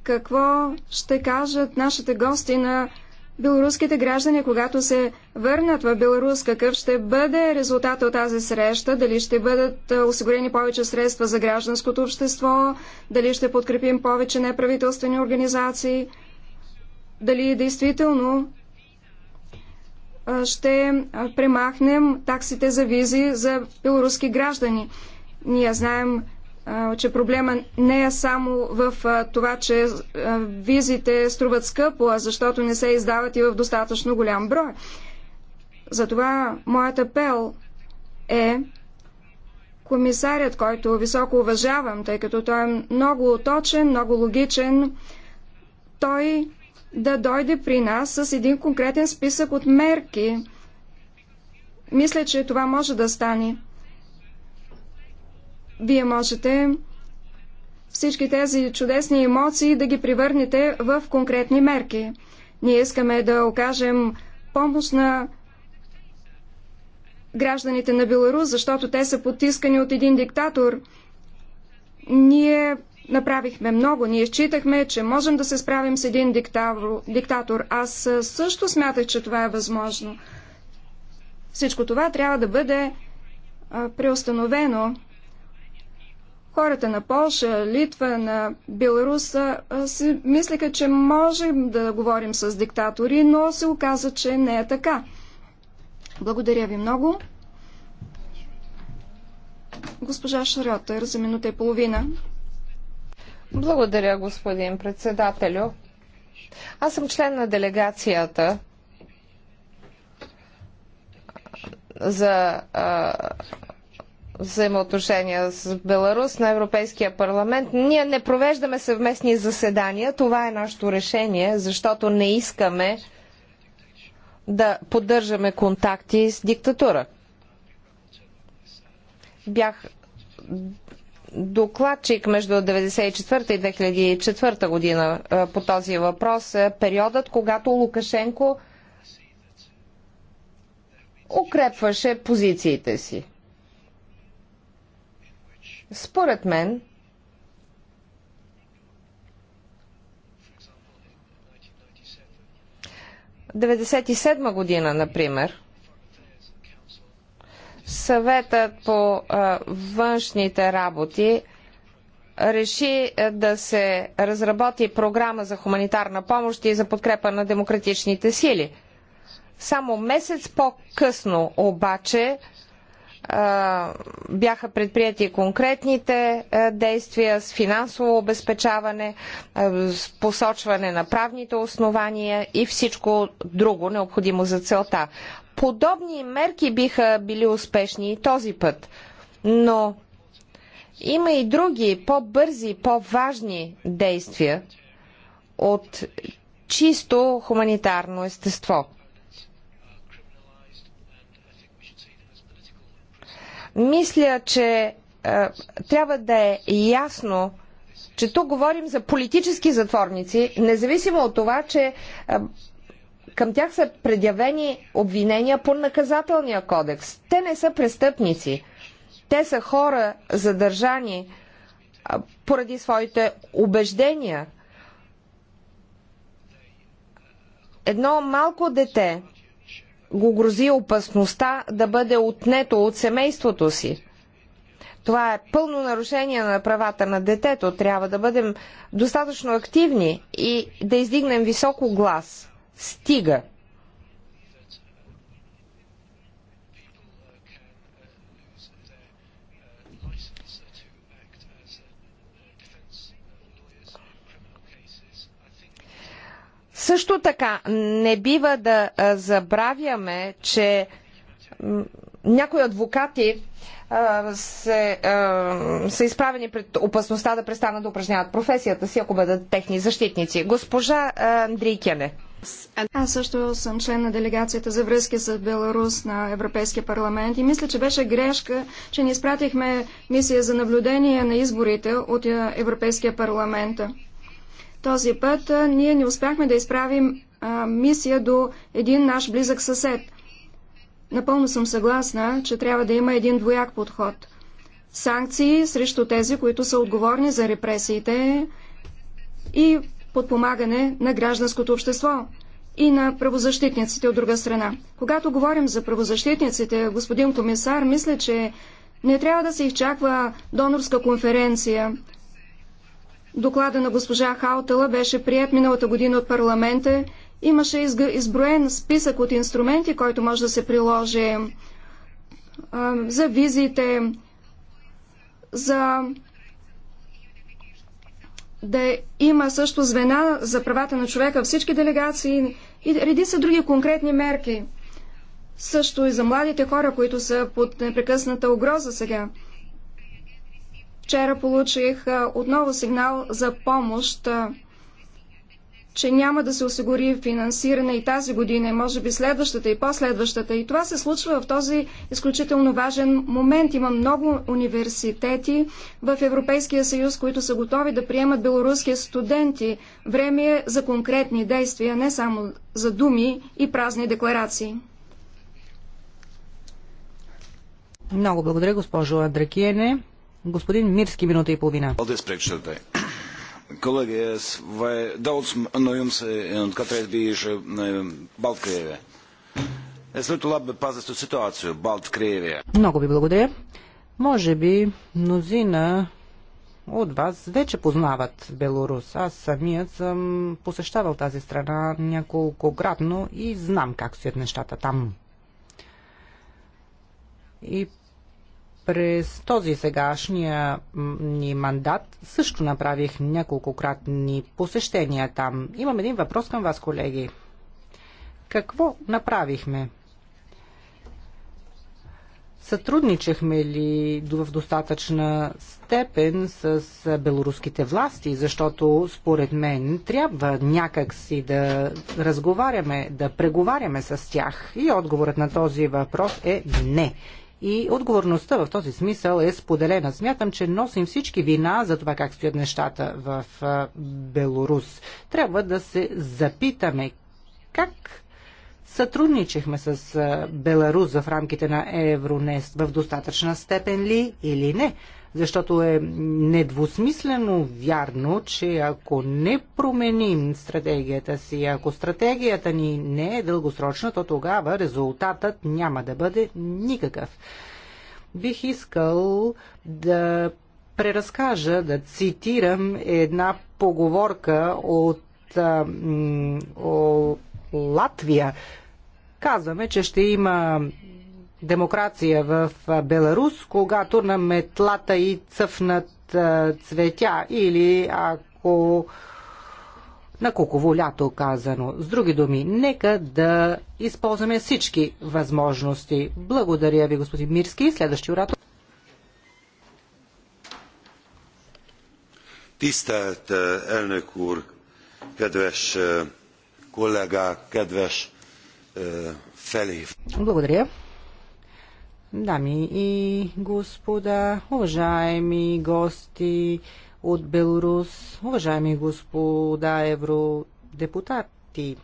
Какво ще кажат нашите гости на белоруските граждани, когато се върнат в Беларус? Какъв ще бъде резултат от тази среща? Дали ще бъдат осигурени повече средства за гражданското общество? Дали ще подкрепим повече неправителствени организации? Дали действително ще премахнем таксите за визи за белоруски граждани. Ние знаем, че проблема не е само в това, че визите струват скъпо, а защото не се издават и в достатъчно голям брой. Затова моят апел е комисарят, който високо уважавам, тъй като той е много точен, много логичен, той да дойде при нас с един конкретен списък от мерки. Мисля, че това може да стане. Вие можете всички тези чудесни емоции да ги превърнете в конкретни мерки. Ние искаме да окажем помощ на гражданите на Беларус, защото те са потискани от един диктатор. Ние Направихме много. Ние считахме, че можем да се справим с един диктатор. Аз също смятах, че това е възможно. Всичко това трябва да бъде преустановено. Хората на Польша, Литва, на Беларус си мислиха, че можем да говорим с диктатори, но се оказа, че не е така. Благодаря ви много. Госпожа Шаротер за минута и половина. Благодаря, господин председателю. Аз съм член на делегацията за а, взаимоотношения с Беларус на Европейския парламент. Ние не провеждаме съвместни заседания. Това е нашето решение, защото не искаме да поддържаме контакти с диктатура. Бях докладчик между 1994 и 2004 година по този въпрос. Периодът, когато Лукашенко укрепваше позициите си. Според мен, в 1997 година, например, Съветът по външните работи реши да се разработи програма за хуманитарна помощ и за подкрепа на демократичните сили. Само месец по-късно обаче бяха предприяти конкретните действия с финансово обезпечаване, с посочване на правните основания и всичко друго необходимо за целта подобни мерки биха били успешни и този път. Но има и други по-бързи, по-важни действия от чисто хуманитарно естество. Мисля, че е, трябва да е ясно, че тук говорим за политически затворници, независимо от това, че е, към тях са предявени обвинения по наказателния кодекс. Те не са престъпници. Те са хора задържани поради своите убеждения. Едно малко дете го грози опасността да бъде отнето от семейството си. Това е пълно нарушение на правата на детето. Трябва да бъдем достатъчно активни и да издигнем високо глас стига. Също така не бива да забравяме, че някои адвокати се, са изправени пред опасността да престанат да упражняват професията си, ако бъдат техни защитници. Госпожа Андрикене. Аз също съм член на делегацията за връзки с Беларус на Европейския парламент и мисля, че беше грешка, че не изпратихме мисия за наблюдение на изборите от е, Европейския парламент. Този път е, ние не успяхме да изправим а, мисия до един наш близък съсед. Напълно съм съгласна, че трябва да има един двояк подход. Санкции срещу тези, които са отговорни за репресиите и подпомагане на гражданското общество и на правозащитниците от друга страна. Когато говорим за правозащитниците, господин комисар, мисля, че не трябва да се изчаква донорска конференция. Доклада на госпожа Хаутала беше прият миналата година от парламента. Имаше изброен списък от инструменти, който може да се приложи за визите, за да има също звена за правата на човека, всички делегации и реди са други конкретни мерки. Също и за младите хора, които са под непрекъсната угроза сега. Вчера получих отново сигнал за помощ че няма да се осигури финансиране и тази година, и може би следващата и последващата. И това се случва в този изключително важен момент. Има много университети в Европейския съюз, които са готови да приемат белоруски студенти. Време е за конкретни действия, не само за думи и празни декларации. Много благодаря, госпожо Андракиене. Господин Мирски, минута и половина. Колеги, аз daudz no un katreiz bijuši Baltkrievijā. Es ļoti labi pazīstu situāciju Baltkrievijā. Много ви благодаря. Може би мнозина от вас вече познават Беларус. Аз самият съм посещавал тази страна няколкократно и знам как стоят нещата там. И през този сегашния ни мандат също направих няколкократни посещения там. Имам един въпрос към вас, колеги. Какво направихме? Сътрудничахме ли в достатъчна степен с белоруските власти, защото според мен трябва някак си да разговаряме, да преговаряме с тях? И отговорът на този въпрос е не и отговорността в този смисъл е споделена. Смятам, че носим всички вина за това как стоят нещата в Беларус. Трябва да се запитаме как сътрудничехме с Беларус в рамките на Евронест в достатъчна степен ли или не защото е недвусмислено вярно, че ако не променим стратегията си, ако стратегията ни не е дългосрочна, то тогава резултатът няма да бъде никакъв. Бих искал да преразкажа, да цитирам една поговорка от а, о, Латвия. Казваме, че ще има демокрация в Беларус, когато на метлата и цъфнат цветя или ако на куково лято казано. С други думи, нека да използваме всички възможности. Благодаря ви, господин Мирски. Следващи оратор. Тистелт elnök ур, кедвеш колега, кедвеш фелив. Благодаря. Дами и господа, уважаеми гости от Беларус, уважаеми господа евродепутати,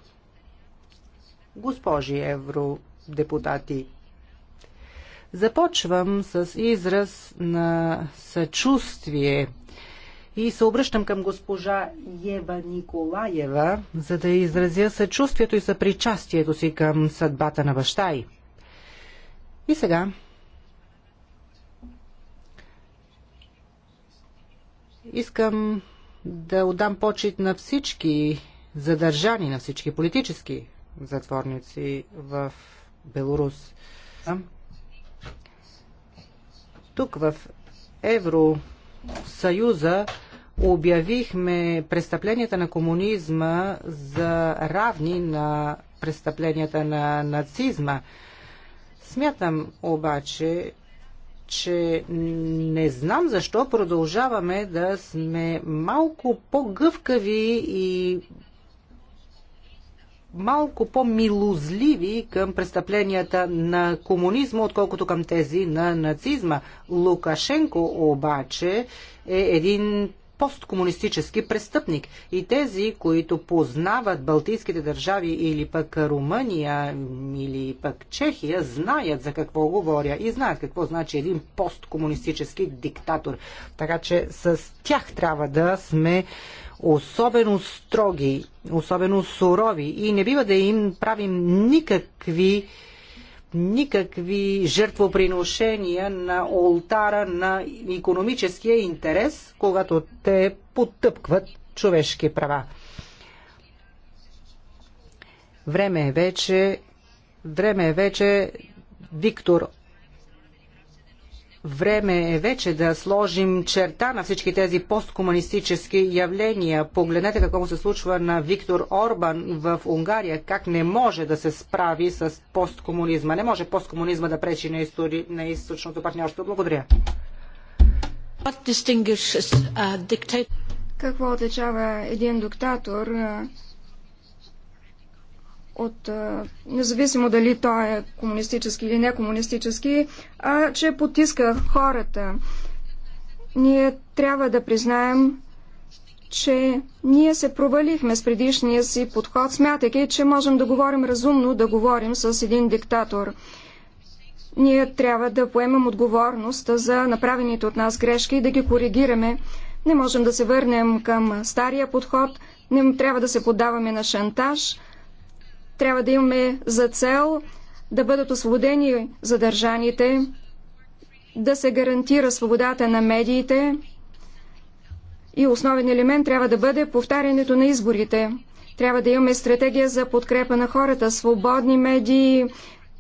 госпожи евродепутати, започвам с израз на съчувствие и се обръщам към госпожа Ева Николаева, за да изразя съчувствието и съпричастието си към съдбата на баща й. И сега искам да отдам почет на всички задържани, на всички политически затворници в Белорус. Тук в Евросъюза обявихме престъпленията на комунизма за равни на престъпленията на нацизма. Смятам обаче, че не знам защо продължаваме да сме малко по-гъвкави и малко по-милозливи към престъпленията на комунизма, отколкото към тези на нацизма. Лукашенко обаче е един посткомунистически престъпник. И тези, които познават балтийските държави или пък Румъния или пък Чехия, знаят за какво говоря и знаят какво значи един посткомунистически диктатор. Така че с тях трябва да сме особено строги, особено сурови и не бива да им правим никакви никакви жертвоприношения на олтара на економическия интерес, когато те потъпкват човешки права. Време е вече, време е вече Виктор Време е вече да сложим черта на всички тези посткомунистически явления. Погледнете какво се случва на Виктор Орбан в Унгария, как не може да се справи с посткомунизма. Не може посткомунизма да пречи на, истори... на източното партньорство. Благодаря. Uh, какво отличава един диктатор от, независимо дали той е комунистически или не комунистически, а че потиска хората. Ние трябва да признаем, че ние се провалихме с предишния си подход, смятайки, че можем да говорим разумно, да говорим с един диктатор. Ние трябва да поемем отговорност за направените от нас грешки и да ги коригираме. Не можем да се върнем към стария подход, не трябва да се поддаваме на шантаж, трябва да имаме за цел да бъдат освободени задържаните, да се гарантира свободата на медиите и основен елемент трябва да бъде повтарянето на изборите. Трябва да имаме стратегия за подкрепа на хората, свободни медии,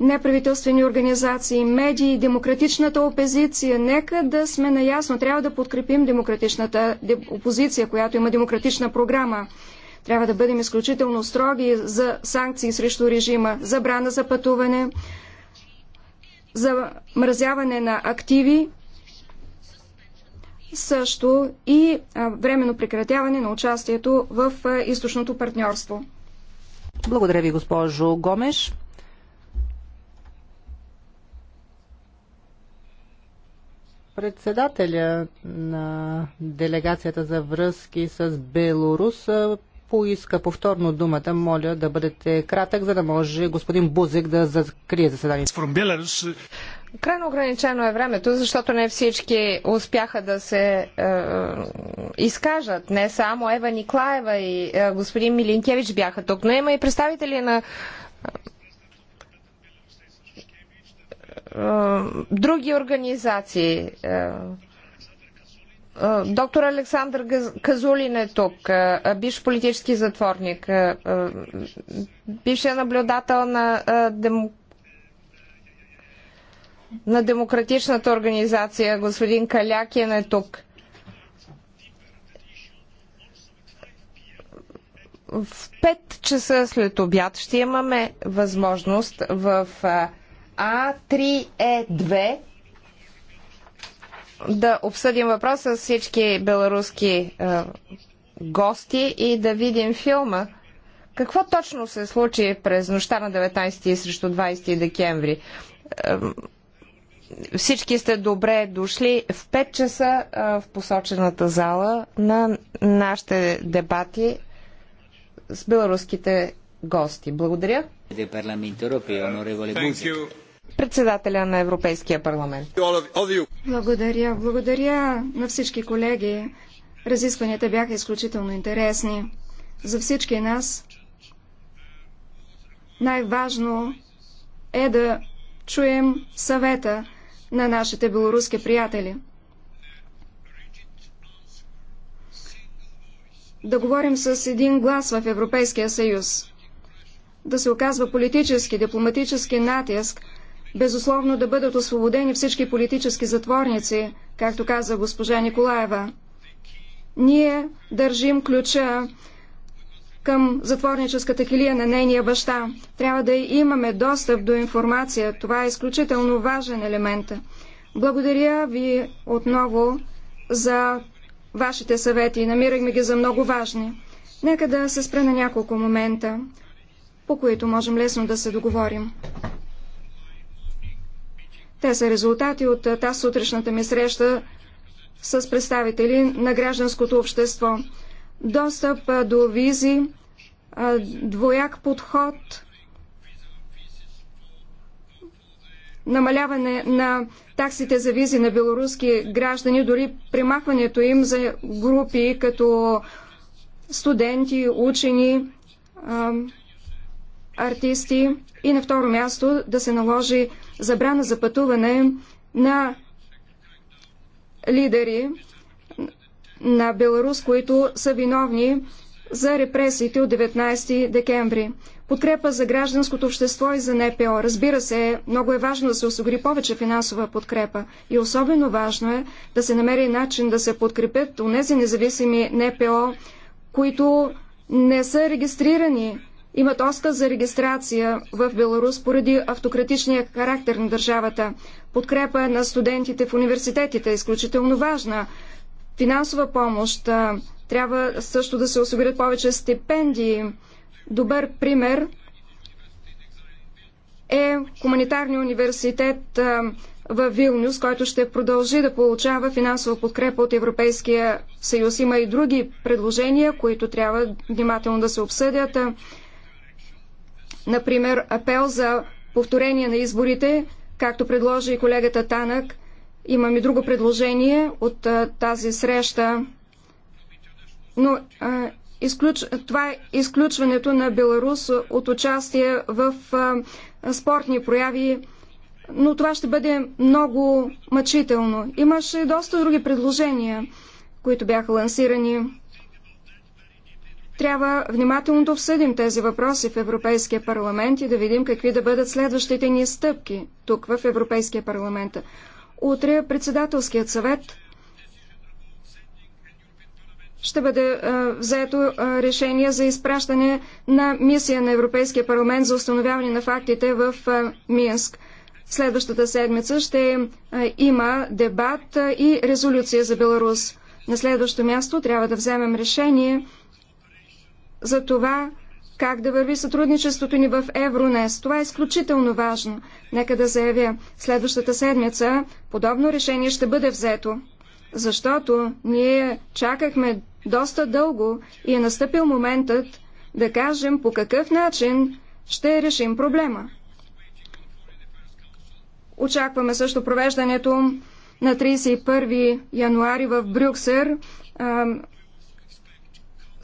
неправителствени организации, медии, демократичната опозиция. Нека да сме наясно. Трябва да подкрепим демократичната опозиция, която има демократична програма. Трябва да бъдем изключително строги за санкции срещу режима, забрана за пътуване, за мразяване на активи, също и временно прекратяване на участието в източното партньорство. Благодаря ви, госпожо Гомеш. Председателя на делегацията за връзки с Белорус поиска повторно думата, моля да бъдете кратък, за да може господин Бузик да закрие заседанието. Крайно ограничено е времето, защото не всички успяха да се е, изкажат. Не само Ева Никлаева и е, господин Милинкевич бяха тук, но има и представители на е, е други организации. Е, Доктор Александър Казулин е тук, бивш политически затворник, бивш е наблюдател на, дем... на демократичната организация, господин Калякин е тук. В 5 часа след обяд ще имаме възможност в А3Е2 да обсъдим въпроса с всички беларуски е, гости и да видим филма. Какво точно се случи през нощта на 19 срещу 20 декември? Е, всички сте добре дошли в 5 часа е, в посочената зала на нашите дебати с беларуските гости. Благодаря. Парламент Европей, председателя на Европейския парламент. Благодаря, благодаря на всички колеги. Разискванията бяха изключително интересни. За всички нас най-важно е да чуем съвета на нашите белоруски приятели. Да говорим с един глас в Европейския съюз. Да се оказва политически, дипломатически натиск – безусловно да бъдат освободени всички политически затворници, както каза госпожа Николаева. Ние държим ключа към затворническата килия на нейния баща. Трябва да имаме достъп до информация. Това е изключително важен елемент. Благодаря ви отново за вашите съвети. Намирахме ги за много важни. Нека да се спра на няколко момента, по които можем лесно да се договорим. Те са резултати от тази сутрешната ми среща с представители на гражданското общество. Достъп до визи, двояк подход, намаляване на таксите за визи на белоруски граждани, дори примахването им за групи като студенти, учени, артисти и на второ място да се наложи забрана за пътуване на лидери на Беларус, които са виновни за репресиите от 19 декември. Подкрепа за гражданското общество и за НПО. Разбира се, много е важно да се осигури повече финансова подкрепа. И особено важно е да се намери начин да се подкрепят онези независими НПО, които не са регистрирани имат отказ за регистрация в Беларус поради автократичния характер на държавата. Подкрепа на студентите в университетите е изключително важна. Финансова помощ. Трябва също да се осигурят повече стипендии. Добър пример е Хуманитарния университет в Вилнюс, който ще продължи да получава финансова подкрепа от Европейския съюз. Има и други предложения, които трябва внимателно да се обсъдят. Например, апел за повторение на изборите, както предложи и колегата Танък. Имам и друго предложение от а, тази среща. Но а, изключ... това е изключването на Беларус от участие в а, спортни прояви, но това ще бъде много мъчително. Имаше доста други предложения, които бяха лансирани. Трябва внимателно да обсъдим тези въпроси в Европейския парламент и да видим какви да бъдат следващите ни стъпки тук в Европейския парламент. Утре председателският съвет ще бъде а, взето а, решение за изпращане на мисия на Европейския парламент за установяване на фактите в а, Минск. Следващата седмица ще а, има дебат а, и резолюция за Беларус. На следващо място трябва да вземем решение за това как да върви сътрудничеството ни в Евронес. Това е изключително важно. Нека да заявя, следващата седмица подобно решение ще бъде взето, защото ние чакахме доста дълго и е настъпил моментът да кажем по какъв начин ще решим проблема. Очакваме също провеждането на 31 януари в Брюксер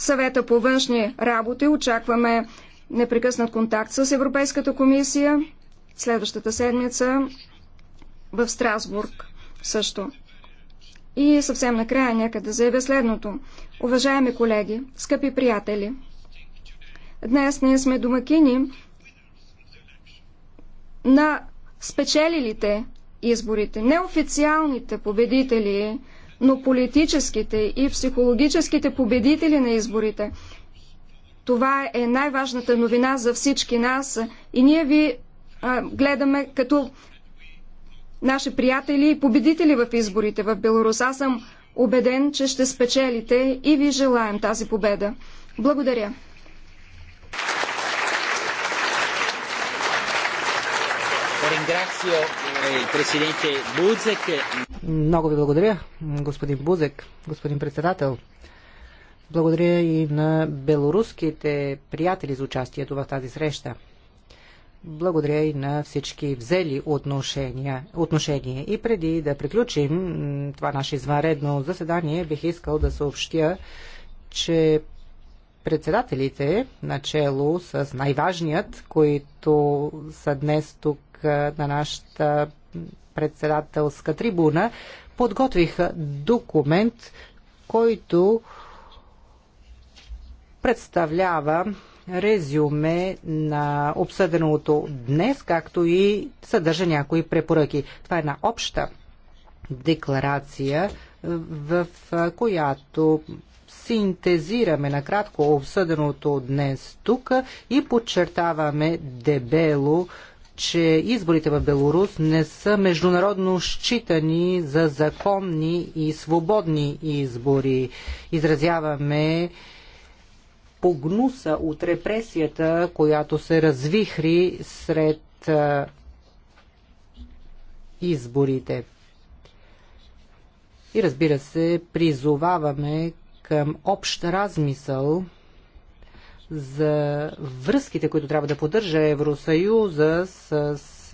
съвета по външни работи. Очакваме непрекъснат контакт с Европейската комисия. Следващата седмица в Страсбург също. И съвсем накрая нека да заявя следното. Уважаеми колеги, скъпи приятели, днес ние сме домакини на спечелилите изборите, неофициалните победители, но политическите и психологическите победители на изборите. Това е най-важната новина за всички нас и ние ви а, гледаме като наши приятели и победители в изборите в Беларус. Аз съм убеден, че ще спечелите и ви желаем тази победа. Благодаря. Ringrazio много ви благодаря, господин Бузек, господин председател. Благодаря и на белоруските приятели за участието в тази среща. Благодаря и на всички взели отношения, отношение. И преди да приключим това наше извънредно заседание, бих искал да съобщя, че председателите, начело с най-важният, които са днес тук е, на нашата председателска трибуна, подготвиха документ, който представлява резюме на обсъденото днес, както и съдържа някои препоръки. Това е една обща декларация, в която синтезираме накратко обсъденото днес тук и подчертаваме дебело че изборите в Беларус не са международно считани за законни и свободни избори. Изразяваме погнуса от репресията, която се развихри сред изборите. И разбира се, призоваваме към общ размисъл – за връзките, които трябва да поддържа Евросъюза с, с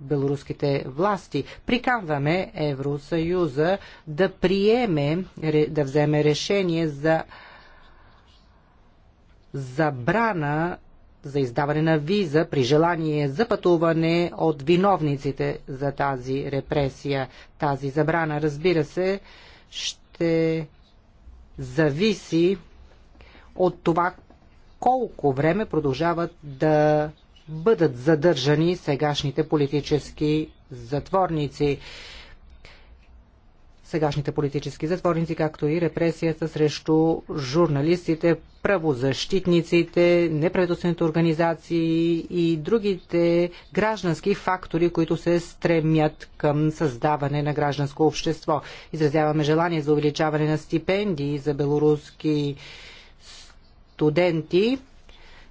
белоруските власти. Приканваме Евросъюза да приеме, да вземе решение за забрана за издаване на виза при желание за пътуване от виновниците за тази репресия. Тази забрана, разбира се, ще зависи от това колко време продължават да бъдат задържани сегашните политически затворници. Сегашните политически затворници, както и репресията срещу журналистите, правозащитниците, неправителствените организации и другите граждански фактори, които се стремят към създаване на гражданско общество. Изразяваме желание за увеличаване на стипендии за белоруски студенти,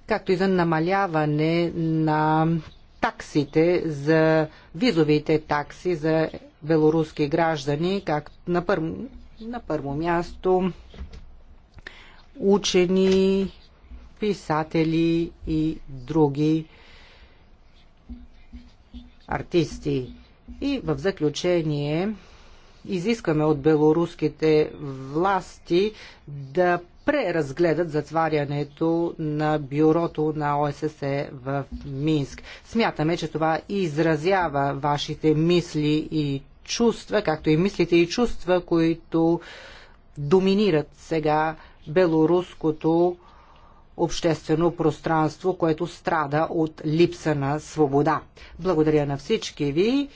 както и за намаляване на таксите за визовите такси за белоруски граждани, както на първо, на първо място учени, писатели и други артисти. И в заключение изискваме от белоруските власти да преразгледат затварянето на бюрото на ОССЕ в Минск. Смятаме, че това изразява вашите мисли и чувства, както и мислите и чувства, които доминират сега белоруското обществено пространство, което страда от липса на свобода. Благодаря на всички ви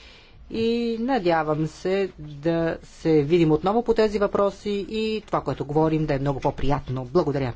и надявам се да се видим отново по тези въпроси и това, което говорим, да е много по-приятно. Благодаря.